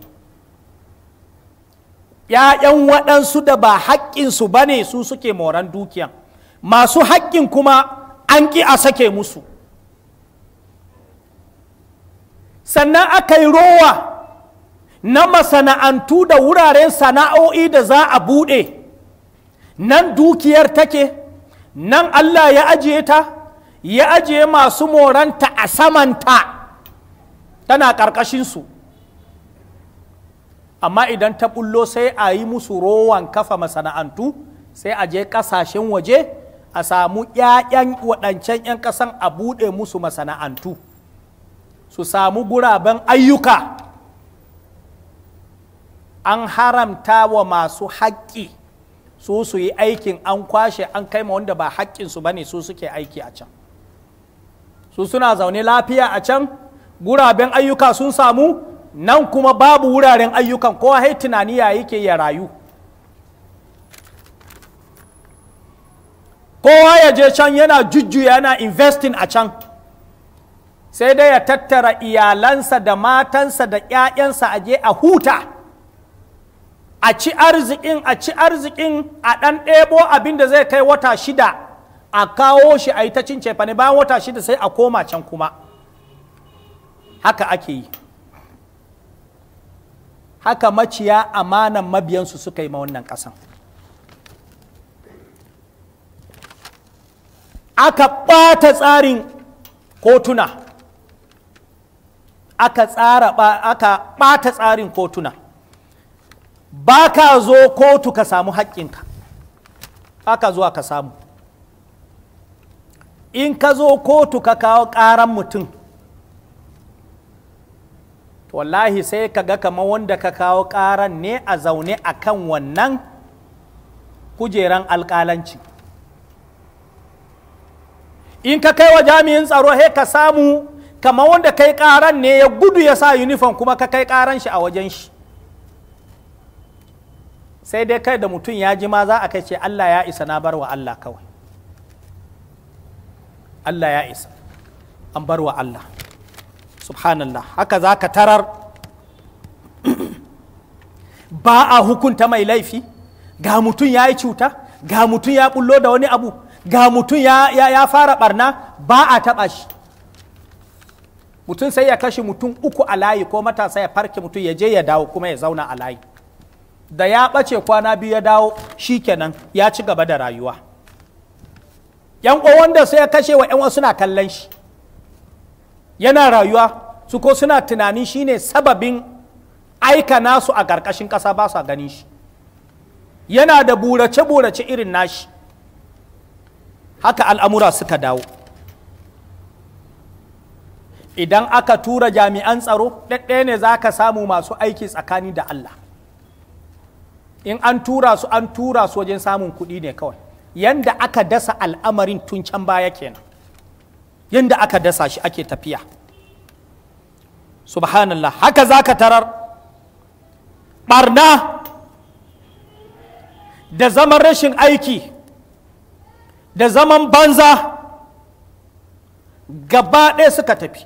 ‘ya'yan waɗansu da ba haƙƙinsu ba ne su suke moran dukiyan masu haƙƙin kuma an ƙi a sake musu sannan aka yi rowa na masana'antu da wuraren sana'o'i da za a buɗe nan dukiyar take nan Allah ya ajiye ta ya ajiye masu moranta a samanta tana su amma idan ta ɓullo sai a yi musu rowan kafa masana'antu sai a je ƙasashen waje a samu 'ya'yan waɗancan 'yan ƙasan a buɗe musu masana'antu su samu guraben ayyuka an haramta wa masu haƙƙi su su yi aikin an kwashe an kai ma wanda ba haƙƙinsu ba ne su suke aiki a can su suna zaune lafiya a can guraben ayyuka sun samu nan kuma babu wuraren ayyukan ko hai tunani ya yake ya rayu kowa ya je can yana jujjuya yana investing a can sai dai ya tattara iyalansa da matansa da 'ya'yansa a je a huta a ci arzikin a ci arzikin a ɗan ɗebo abin da zai kai wata shida a kawo shi a yi ta cin cefane bayan wata shida sai a koma can kuma haka ake yi haka maciya amanan mabiyansu suka yi ma wannan ƙasan aka ɓata tsarin kotuna aka ɓata tsarin kotuna ba ka zo kotu ka samu haƙƙinka ka zuwa ka samu in ka zo kotu ka kawo ƙaran mutum wallahi sai ka ga kama wanda ka kawo ƙaran ne a zaune a kan wannan kujeran alƙalanci in ka kai wa jami'in tsaro he ka samu kamar wanda kai ƙaran ne ya gudu ya sa yunifon kuma ka kai ƙaran shi a wajen shi sai dai kai da mutum ya ji ma za a kai ce Allah ya isa na bar wa Allah kawai Allah ya isa an bar wa Allah subhanallah haka za ka tarar [CLEARS THROAT] ba a hukunta mai laifi ga mutum ya yi cuta ga mutum ya bullo da wani abu ga mutum ya, ya, ya fara barna ba a taɓa shi mutum sai ya kashe mutum uku a layi ko matasa ya farke mutum ya je ya dawo kuma ya zauna a layi da ya ɓace kwana biyu ya dawo shi kenan ya ci gaba da rayuwa yan uwan da su ya kashe wa yan suna kallon shi yana rayuwa su ko suna tunanin shine sababin aika nasu a ƙarƙashin ƙasa ba su ganin shi yana da burace-burace irin nashi haka al'amura suka dawo idan aka tura jami'an tsaro ɗaɗɗaya ne za ka samu masu aiki tsakani da Allah in an tura su an tura su wajen samun kuɗi ne kawai yanda aka dasa al'amarin tun can baya kenan yanda aka dasa shi ake tafiya subhanallah haka za ka tarar ɓarna da zaman rashin aiki da zaman banza gaba ɗaya suka tafi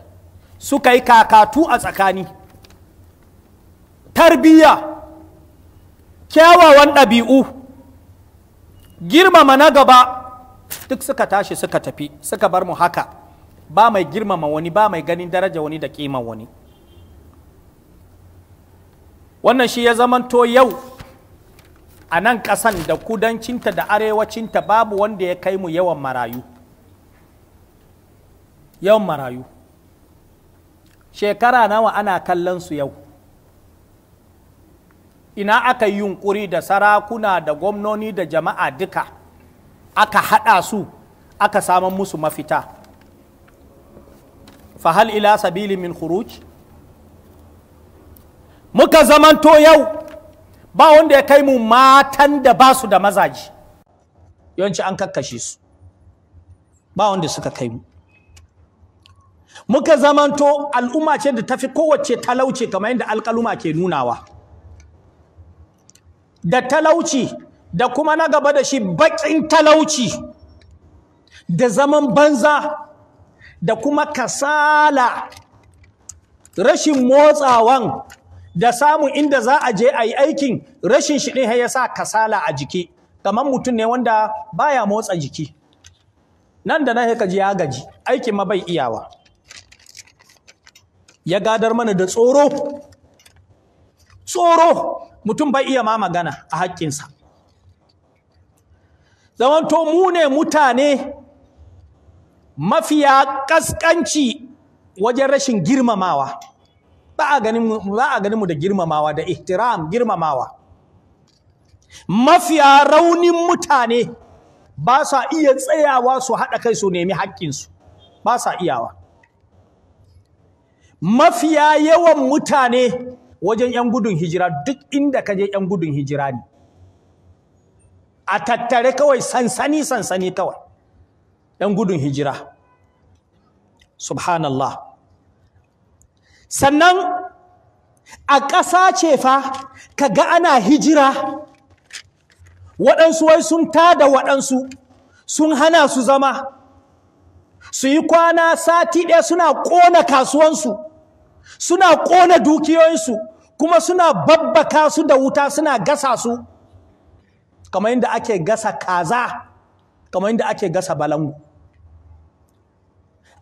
suka yi kakatu a tsakani tarbiyya kyawawan ɗabi'u girmama na gaba duk suka tashi suka tafi suka bar mu haka ba mai girmama wani ba mai ganin daraja wani da ƙima wani wannan shi ya zamanto yau a nan ƙasan da kudancinta da arewacinta babu wanda ya kai mu yawan marayu yawan marayu shekara nawa ana kallon su yau ina aka yi yunkuri da sarakuna da gwamnoni da jama'a duka aka haɗa su aka saman musu mafita fahal ila sabili min khuruj muka zamanto yau ba wanda ya kai mu matan da ba su da mazaji yawanci an kakkashe su ba wanda suka kai mu muka zamanto al'umma ce da tafi kowace talauce kamar yadda alƙaluma ke nunawa da talauci da kuma na gaba da shi baƙin talauci da zaman banza da kuma kasala rashin motsawan da samun inda za a je a yi aikin rashin shi ne ya sa kasala a jiki kamar mutum ne wanda baya motsa jiki nan da na ka ji ya gaji aikin ma bai iyawa ya gadar mana da tsoro tsoro mutum bai iya ma magana a haƙƙinsa zamanto mu ne mutane mafiya ƙasƙanci wajen rashin girmamawa ba a ganin mu da girmamawa da ihtiram girmamawa mafiya raunin mutane ba sa iya tsayawa su haɗa kai su nemi haƙƙinsu ba sa iyawa mafiya yawan mutane wajen 'yan gudun hijira duk inda ka je 'yan gudun hijira ne a tattare kawai sansani sansani kawai 'yan gudun hijira subhanallah sannan a ƙasa ce fa ka ga ana hijira waɗansu wai sun tada waɗansu sun hana su zama su yi kwana sati ɗaya suna ƙona kasuwansu suna ƙona dukiyoyinsu kuma suna babbaka su da wuta suna gasa su kamar yadda ake gasa kaza kamar yadda ake gasa balangu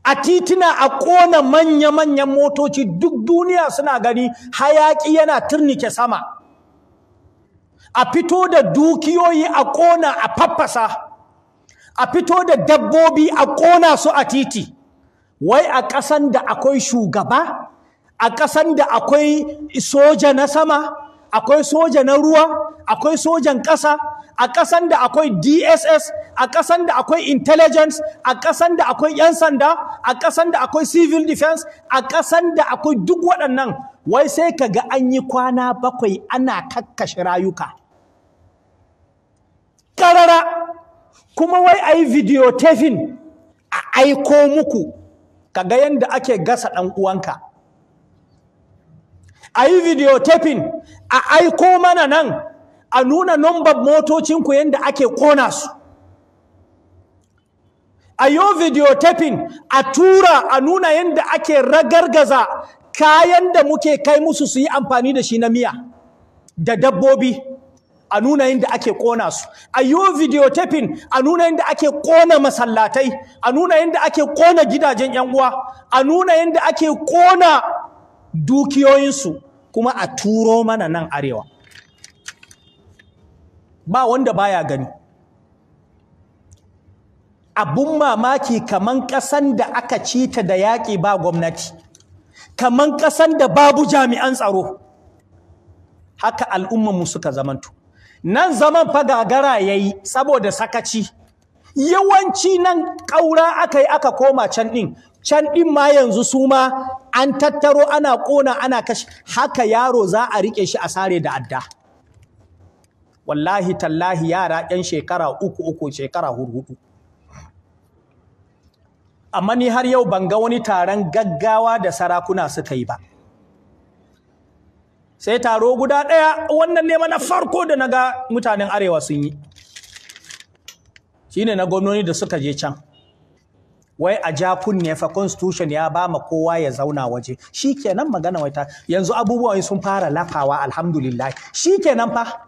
a titina a ƙona manya-manyan motoci duk duniya suna gani hayaƙi yana turnike sama a fito da dukiyoyi a ƙona a faffasa a fito da dabbobi a ƙona su a titi wai a ƙasan da akwai shugaba a ƙasan da akwai soja na sama akwai soja na ruwa akwai sojan ƙasa a ƙasan da akwai dss a ƙasan da akwai intelligence a ƙasan da akwai 'yan sanda a ƙasan da akwai civil defense a ƙasan da akwai duk waɗannan wai sai ka ga an yi kwana bakwai ana kakkashe rayuka ƙarara kuma wai a yi videotafin a aiko muku ka ga yadda ake gasa ɗan uwanka a yi videotaping a aiko mana nan a nuna number ku yadda ake kona su a yi videotaping a tura a nuna yadda ake ragargaza kayan da muke kai musu su yi amfani da shi na miya da dabbobi a nuna yadda ake kona su a yi videotaping a nuna yadda ake kona masallatai a nuna yadda ake kona gidajen 'yan uwa a nuna yadda ake kona dukiyoyinsu kuma a turo mana nan arewa ba wanda baya gani abun mamaki kaman ƙasan da aka cita da yaƙi ba gwamnati kaman ƙasan da babu jami'an tsaro haka al'ummanmu suka zamantu nan zaman fa gagara ya yi saboda sakaci yawanci nan ƙaura aka yi aka koma can ɗin can ɗin ma yanzu su ma an tattaro ana ƙona ana kashe haka yaro za a rike shi a sare da adda wallahi tallahi yara ɗan shekara uku uku shekara hudu amma ni har yau ban ga wani taron gaggawa da sarakuna suka yi ba sai taro guda ɗaya wannan ne na farko da na ga mutanen arewa sun yi shine na gwamnoni da suka je can wai a ja kunne fa constitution ya ba ma kowa ya zauna waje shikenan magana wai ta yanzu abubuwan sun fara lafawa alhamdulillah shikenan fa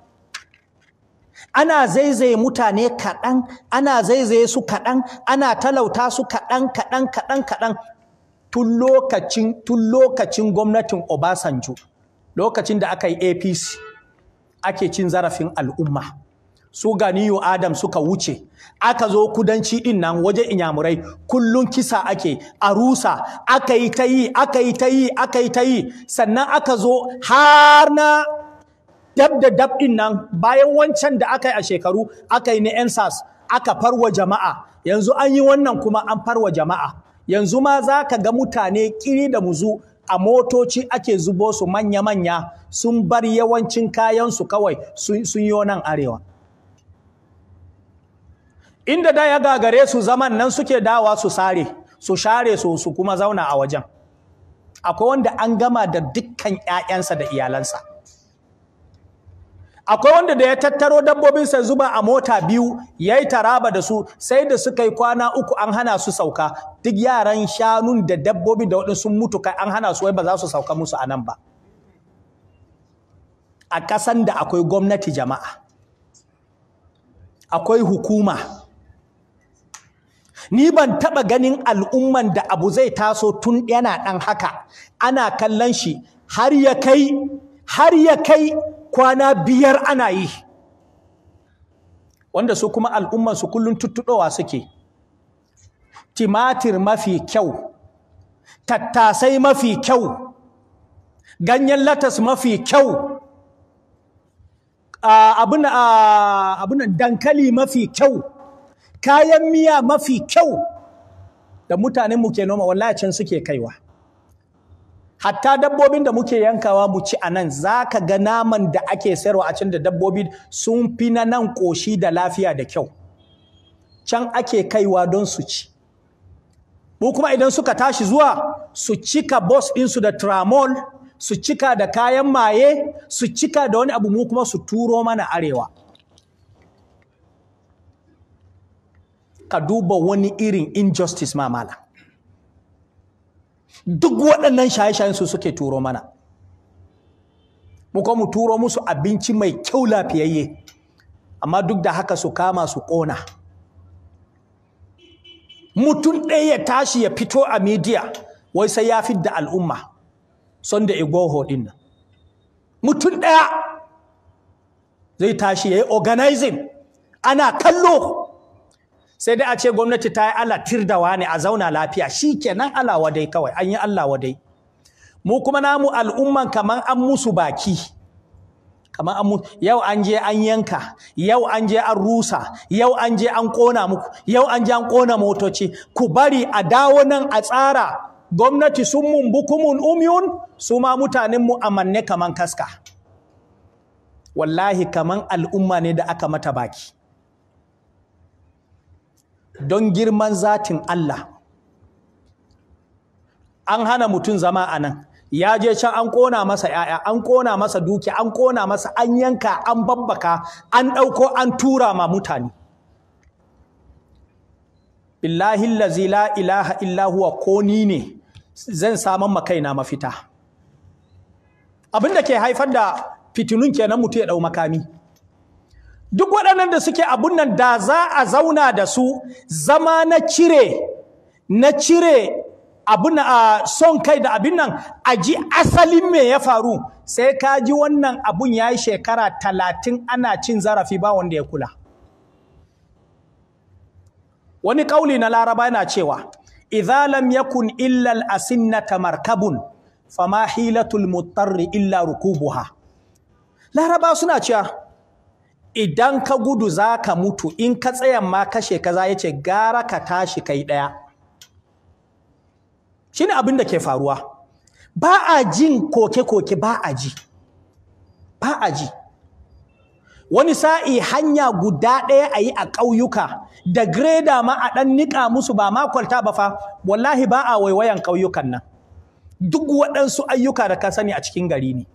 ana zaizaye mutane kaɗan ana zaizaye su kaɗan ana talauta su kaɗan kaɗan kaɗan kaɗan tun lokacin tun lokacin gwamnatin Obasanjo lokacin da aka yi APC ake cin zarafin al'umma su ganiyu adam suka wuce aka zo kudanci din nan waje inyamurai kullun kisa ake a rusa aka yi ta yi aka yi ta yi aka yi ta yi sannan aka zo har na dab da dab din nan bayan wancan da aka yi a shekaru aka yi na ensas aka farwa jama'a yanzu an yi wannan kuma an farwa jama'a yanzu ma za ka ga mutane kiri da muzu a motoci ake zubo su manya-manya sun bar yawancin kayansu kawai sun yi nan arewa inda da ya gagare su zaman nan suke dawa su sare su share su su kuma zauna a wajen akwai wanda an gama da dukkan ƴaƴansa da iyalansa akwai wanda da ya tattaro dabbobin dabbobinsa zuba a mota biyu yayi taraba da su sai da suka yi kwana uku an hana su sauka duk yaran shanun da dabbobi da waɗansu sun mutu kai an hana su wai ba za su sauka musu a nan ba a ƙasan da akwai gwamnati jama'a akwai hukuma Ni ban taɓa ganin al'umman da abu zai taso tun yana ɗan haka, ana kallon shi har ya kai, har ya kai kwana biyar ana yi. Wanda su kuma al'umman su kullum tuttuɗowa suke. Timatir mafi kyau, tattasai mafi kyau, ganyen latas mafi kyau, abin dankali mafi kyau. kayan miya mafi kyau da mutanen mu ke noma wallahi can suke kaiwa hatta dabbobin da muke yankawa mu ci a nan za ka ga naman da ake sayarwa a can da dabbobi sun fi na nan ƙoshi da lafiya da kyau can ake kaiwa don su ci mu kuma idan suka tashi zuwa su cika bos ɗinsu da tramol su cika da kayan maye su cika da wani abu mu kuma su turo mana arewa ka duba wani irin injustice ma mala duk waɗannan shaye-shayen su suke turo mana mu mu turo musu abinci mai kyau lafiyayye amma duk da haka su kama su ƙona mutum ɗaya ya tashi ya fito a midiya wai sai ya fidda al'umma son da igoho ɗin nan mutum ɗaya zai tashi ya yi organizing ana kallo sai dai a ce gwamnati ta yi Allah da ne a zauna lafiya shi kenan Allah wadai kawai an yi Allah wadai mu kuma namu al'umman kamar an musu baki kamar an musu yau an je an yanka yau an je an rusa yau an je an kona muku yau an je an kona motoci ku bari a dawo nan a tsara gwamnati sun mun bukumun umyun su ma mutanen mu amanne kaman kaska wallahi kaman al'umma ne da aka mata baki don girman zatin Allah an hana mutum zama a nan ya je can an ƙona masa ‘ya'ya an ƙona masa duki an ƙona masa an yanka an babbaka an ɗauko an tura ma mutane billahi lazi la ilaha illa ko ni ne zan saman makaina mafita abin da ke haifar da fitinun kenan mutu ya ɗau makami duk waɗannan da suke abun nan da za a zauna da su zama na cire na cire abun a son kai da abin nan a ji asalin me ya faru sai ka ji wannan abun ya yi shekara talatin ana cin zarafi ba wanda ya kula wani ƙauli na laraba yana cewa idza lam yakun illa al-asinnata markabun fama hilatul muttarri illa rukubuha laraba suna cewa idan ka gudu za ka mutu in ka tsayan ma kashe ka za ya ce gara ka tashi kai ɗaya shi ne abin da ke faruwa ba a jin koke-koke ba a ji ba a ji wani sa'i hanya guda ɗaya a yi a ƙauyuka da greda ma a ɗan niƙa musu ba makwalta ba fa wallahi ba a waiwayan ƙauyukan nan duk waɗansu ayyuka da ka sani a cikin gari ne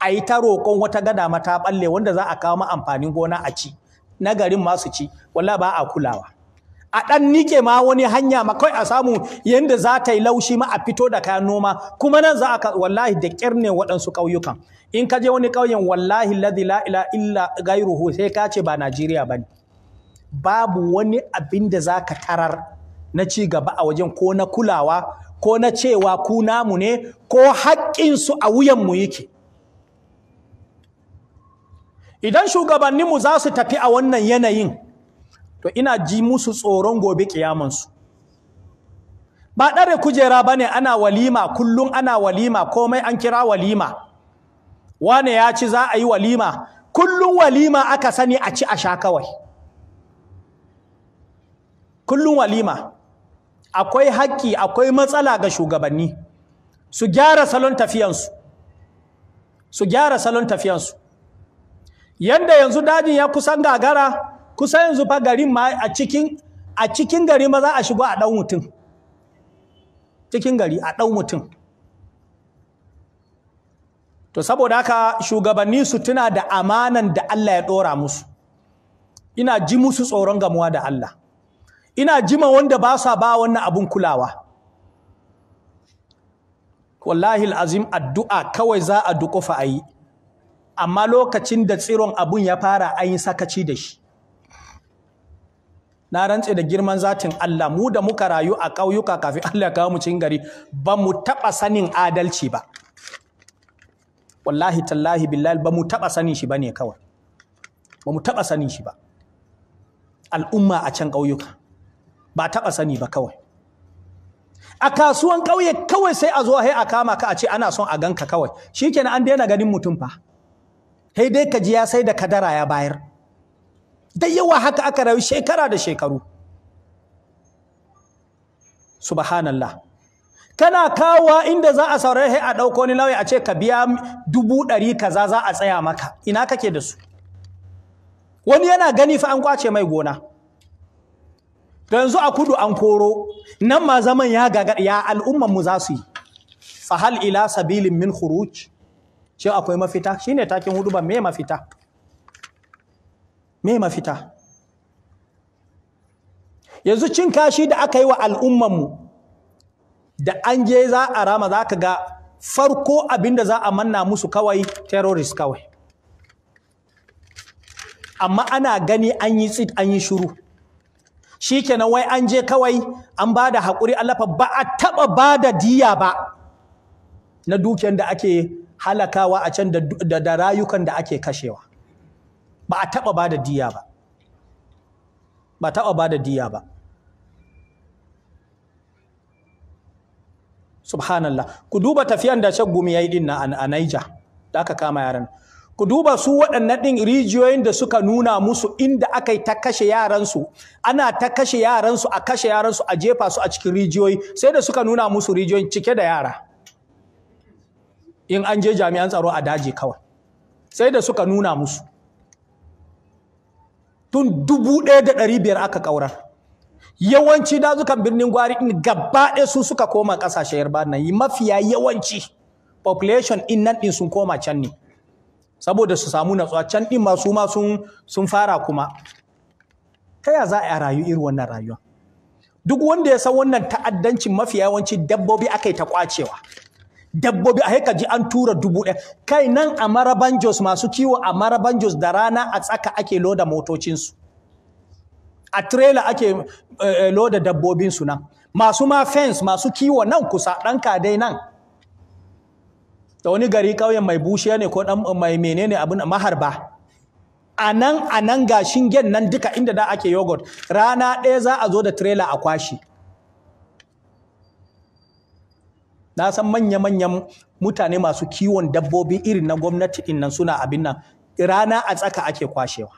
a yi ta roƙon wata gada mata ɓalle wanda za a kawo ma amfanin gona a ci na garin masu ci walla ba a kulawa a ɗan nike ma wani hanya ma kai a samu yadda za ta yi laushi ma a fito da kayan noma kuma nan za a ka wallahi da kyar ne waɗansu ƙauyukan in ka je wani ƙauyen wallahi ladhi la ila illa gairuhu sai ka ce ba Najeriya ba ne babu wani abin da za ka tarar na ci gaba a wajen ko na kulawa ko na cewa ku namu ne ko haƙƙinsu a wuyan mu yake idan shugabanninmu za su tafi a wannan yanayin to ina ji musu tsoron gobe kiyamansu ba ɗare kujera ba ne ana walima kullum ana walima komai an kira walima wane ya ci za a yi walima kullum walima aka sani a ci a sha kawai kullum walima akwai haƙƙi akwai matsala ga shugabanni su gyara salon tafiyansu su gyara salon tafiyansu yanda yanzu dajin ya kusan gagara kusan yanzu fa garin ma a cikin a cikin gari ma za a shigo a ɗan mutum cikin gari a ɗan mutum to saboda haka shugabanni su tuna da amanan da Allah ya ɗora musu ina ji musu tsoron gamuwa da Allah ina jima wanda ba sa ba wannan abun kulawa wallahi azim addu'a kawai za a duƙufa a amma lokacin da tsiron abun ya fara an yi sakaci da shi na rantse da girman zatin Allah mu da muka rayu a ƙauyuka kafin Allah ya kawo mu cikin gari ba mu taɓa sanin adalci ba wallahi tallahi billahi ba mu taɓa sanin shi ba ne kawai ba mu taɓa sanin shi ba al'umma a can ƙauyuka ba taɓa sani ba kawai a kasuwan ƙauye kawai sai a zo a kama ka a ce ana son a ganka kawai shi shikenan an daina ganin mutum fa sai dai ka ji ya sai da kadara ya bayar da yawa haka aka rayu shekara da shekaru subhanallah kana kawowa inda za a saurari a ɗauko ni lauya a ce ka biya dubu ɗari kaza za a tsaya maka ina kake da su wani yana gani fa an kwace mai gona yanzu a kudu an koro nan ma zaman ya gagar al'umman mu za su yi fahal ila sabilin min khuruj shi akwai mafita shine takin huduba me mafita me mafita yanzu cin kashi da aka yi wa al'ummanmu da an je za a rama za ka ga farko abinda za a manna musu kawai terrorist kawai amma ana gani an yi tsit an yi shuru shi kenan wai an je kawai an ba da haƙuri allafa ba a taɓa ba da diya ba na dukiyar da ake halakawa a can da rayukan da ake kashewa ba a taɓa ba da diya ba ba taɓa ba da diya ba subhanallah ku duba tafiyan da shaggumi ya yi din a naija da aka kama yaran ku duba su waɗannan ɗin rijiyoyin da suka nuna musu inda aka yi ta kashe yaransu ana ta kashe yaransu a kashe yaransu a jefa su a cikin rijiyoyi sai da suka nuna musu rijiyoyin cike da yara in an je jami'an tsaro a daji kawai sai da suka nuna musu tun dubu ɗaya da ɗari biyar aka ƙaurar yawanci dazukan birnin gwari in gaba ɗaya su suka koma ƙasashe yarba nan mafiya yawanci population in nan ɗin sun koma can ne saboda su samu natsuwa can ɗin masu ma sun fara kuma ta ya za a rayu irin wannan rayuwa duk wanda ya san wannan ta'addancin mafiya yawanci dabbobi aka yi ta kwacewa dabbobi a haika ji an tura dubu ɗaya kai nan a maraban jos masu kiwo a maraban jos da rana a tsaka ake loda motocinsu a trailer ake eh, eh, loda dabbobinsu nan masu ma fence masu kiwo nan kusa ɗan kadai nan da wani gari ƙauyen mai bushiya ne ko ɗan mai menene abin maharba a nan a nan ga shingen nan duka inda da ake yogurt rana ɗaya za a zo da trailer a kwashi na san manya-manyan mutane masu kiwon dabbobi irin na gwamnati din nan suna abin nan rana a tsaka ake kwashewa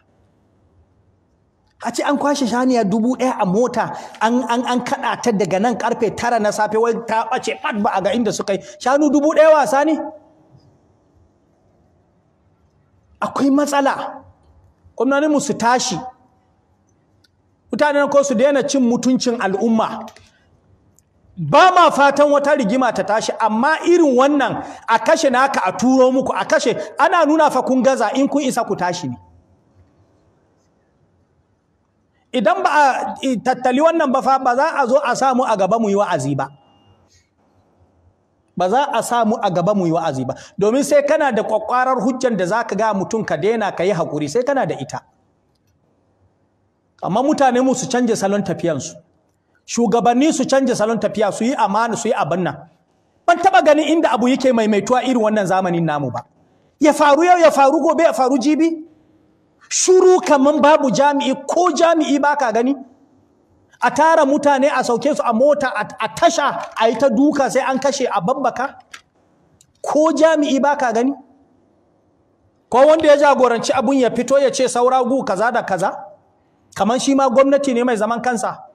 a ce an kwashe shaniya dubu ɗaya a mota an an ta daga nan karfe tara na safe wai ta ɓace pat ba a ga inda suka yi shanu dubu ɗaya wasa ne akwai matsala mu su tashi mutanen ko su daina cin mutuncin al'umma ba ma fatan wata rigima ta tashi amma irin wannan a kashe naka a turo muku a kashe ana nuna fa kun gaza in kun isa ku tashi ne idan ba a tattali wannan ba fa ba za a zo a samu a gaba mu yi wa'azi ba ba za a samu a gaba mu yi wa'azi ba domin sai kana da kwakwarar hujjan da zaka ga mutum ka daina ka yi hakuri sai kana da ita amma mutane mu su canja salon tafiyansu shugabanni su canja salon tafiya su yi amana su yi abin nan ban taba ganin inda abu yake maimaituwa irin wannan zamanin namu ba ya faru yau ya faru gobe ya faru jibi shuru kaman babu jami'i ko jami'i baka gani a tara mutane a sauke su a mota a tasha a yi ta duka sai an kashe a babbaka ko jami'i baka gani ko wanda ya jagoranci abun ya fito ya ce saura gu kaza da kaza kaman shi ma gwamnati ne mai zaman kansa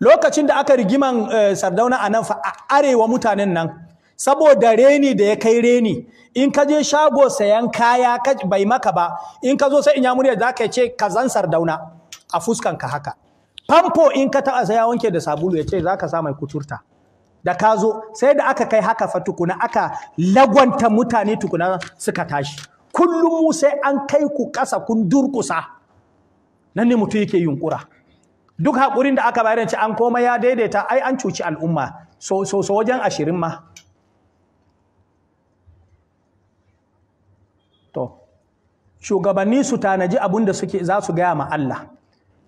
lokacin da aka rigiman eh, sardauna a nan fa a arewa mutanen nan saboda reni da ya kai reni in ka je shago sayan kaya bai maka ba in ka zo sai in ya murya za ka ce kazan sardauna a fuskan ka haka famfo in ka taɓa sai ya wanke da sabulu ya ce za ka sa mai kuturta da ka zo sai da aka kai haka fa tukuna aka lagwanta mutane tukuna suka tashi kullum sai an kai ku ƙasa kun durƙusa nan ne mutum yake yunƙura duk haƙurin da aka bayar an komai ya daidaita ai an cuci al'umma so so wajen ashirin ma to shugabanni su tanaji abin da suke za su gaya ma Allah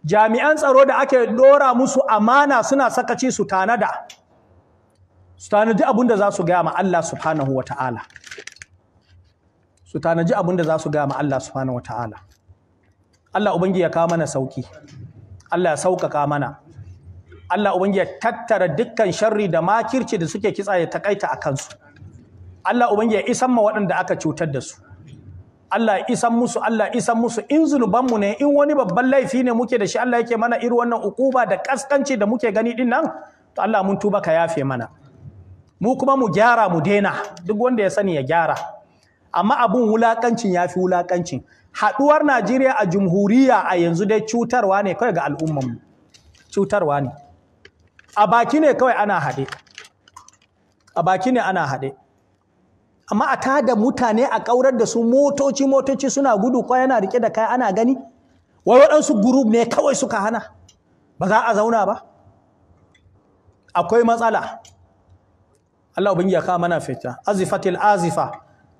jami'an tsaro da ake dora musu amana suna sakaci su tanada su tanaji abin da za su gaya ma Allah subhanahu wata'ala su tanaji abin da za su gaya ma Allah subhanahu wata'ala Allah ubangi ya kawo mana sauki Allah ya sauƙaƙa mana Allah ubangiji ya tattara dukkan sharri da makirci da suke kitsa ya takaita a kansu Allah ubangiji ya isan ma waɗanda aka cutar da su Allah isan musu Allah isan musu in zunubanmu ne in wani babban laifi ne muke da shi Allah yake mana irin wannan ukuba da kaskanci da muke gani din nan to Allah mun tuba ka yafe mana mu kuma mu gyara mu dena duk wanda ya sani ya gyara amma abun wulakancin yafi wulakancin haɗuwar Najeriya a jumhuriya a yanzu dai cutarwa ne kawai ga al'ummanmu cutarwa ne a baki ne kawai ana haɗe a baki ne ana haɗe amma a tada mutane a ƙaurar da su motoci motoci suna gudu ko yana rike da kai ana gani wai waɗansu gurub ne kawai suka hana ba za a zauna ba akwai matsala Allah ubangiji ya kawo mana fita azifatil azifa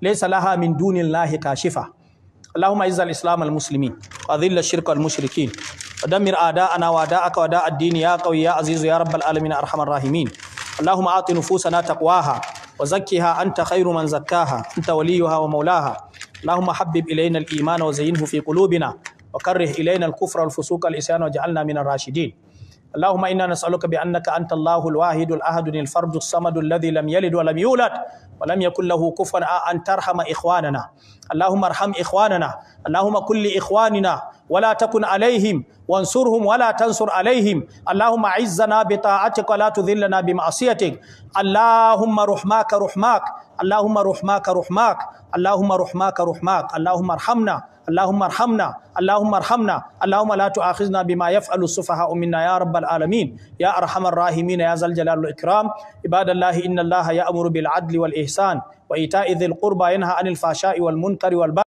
laysa laha min dunillahi kashifa اللهم اعز الاسلام المسلمين واذل الشرك المشركين ودمر اعداءنا واعداءك واعداء الدين يا قوي يا عزيز يا رب العالمين ارحم الراحمين اللهم اعط نفوسنا تقواها وزكها انت خير من زكاها انت وليها ومولاها اللهم حبب الينا الايمان وزينه في قلوبنا وكره الينا الكفر والفسوق والعصيان واجعلنا من الراشدين اللهم إنا نسألك بأنك أنت الله الواحد الأحد الفرد الصمد الذي لم يلد ولم يولد ولم يكن له كفوا أن ترحم إخواننا اللهم ارحم إخواننا اللهم كل إخواننا ولا تكن عليهم وانصرهم ولا تنصر عليهم اللهم عزنا بطاعتك ولا تذلنا بمعصيتك اللهم رحماك رحماك Allahumma ruhmaka ruhmak Allahumma ruhmaka ruhmak Allahumma arhamna اللهم ارحمنا اللهم ارحمنا اللهم لا تؤاخذنا بما يفعل السفهاء منا يا رب العالمين يا ارحم الراحمين يا ذا الجلال والاكرام عباد الله ان الله يامر بالعدل والاحسان وايتاء ذي القربى ينهى عن الفحشاء والمنكر والبغي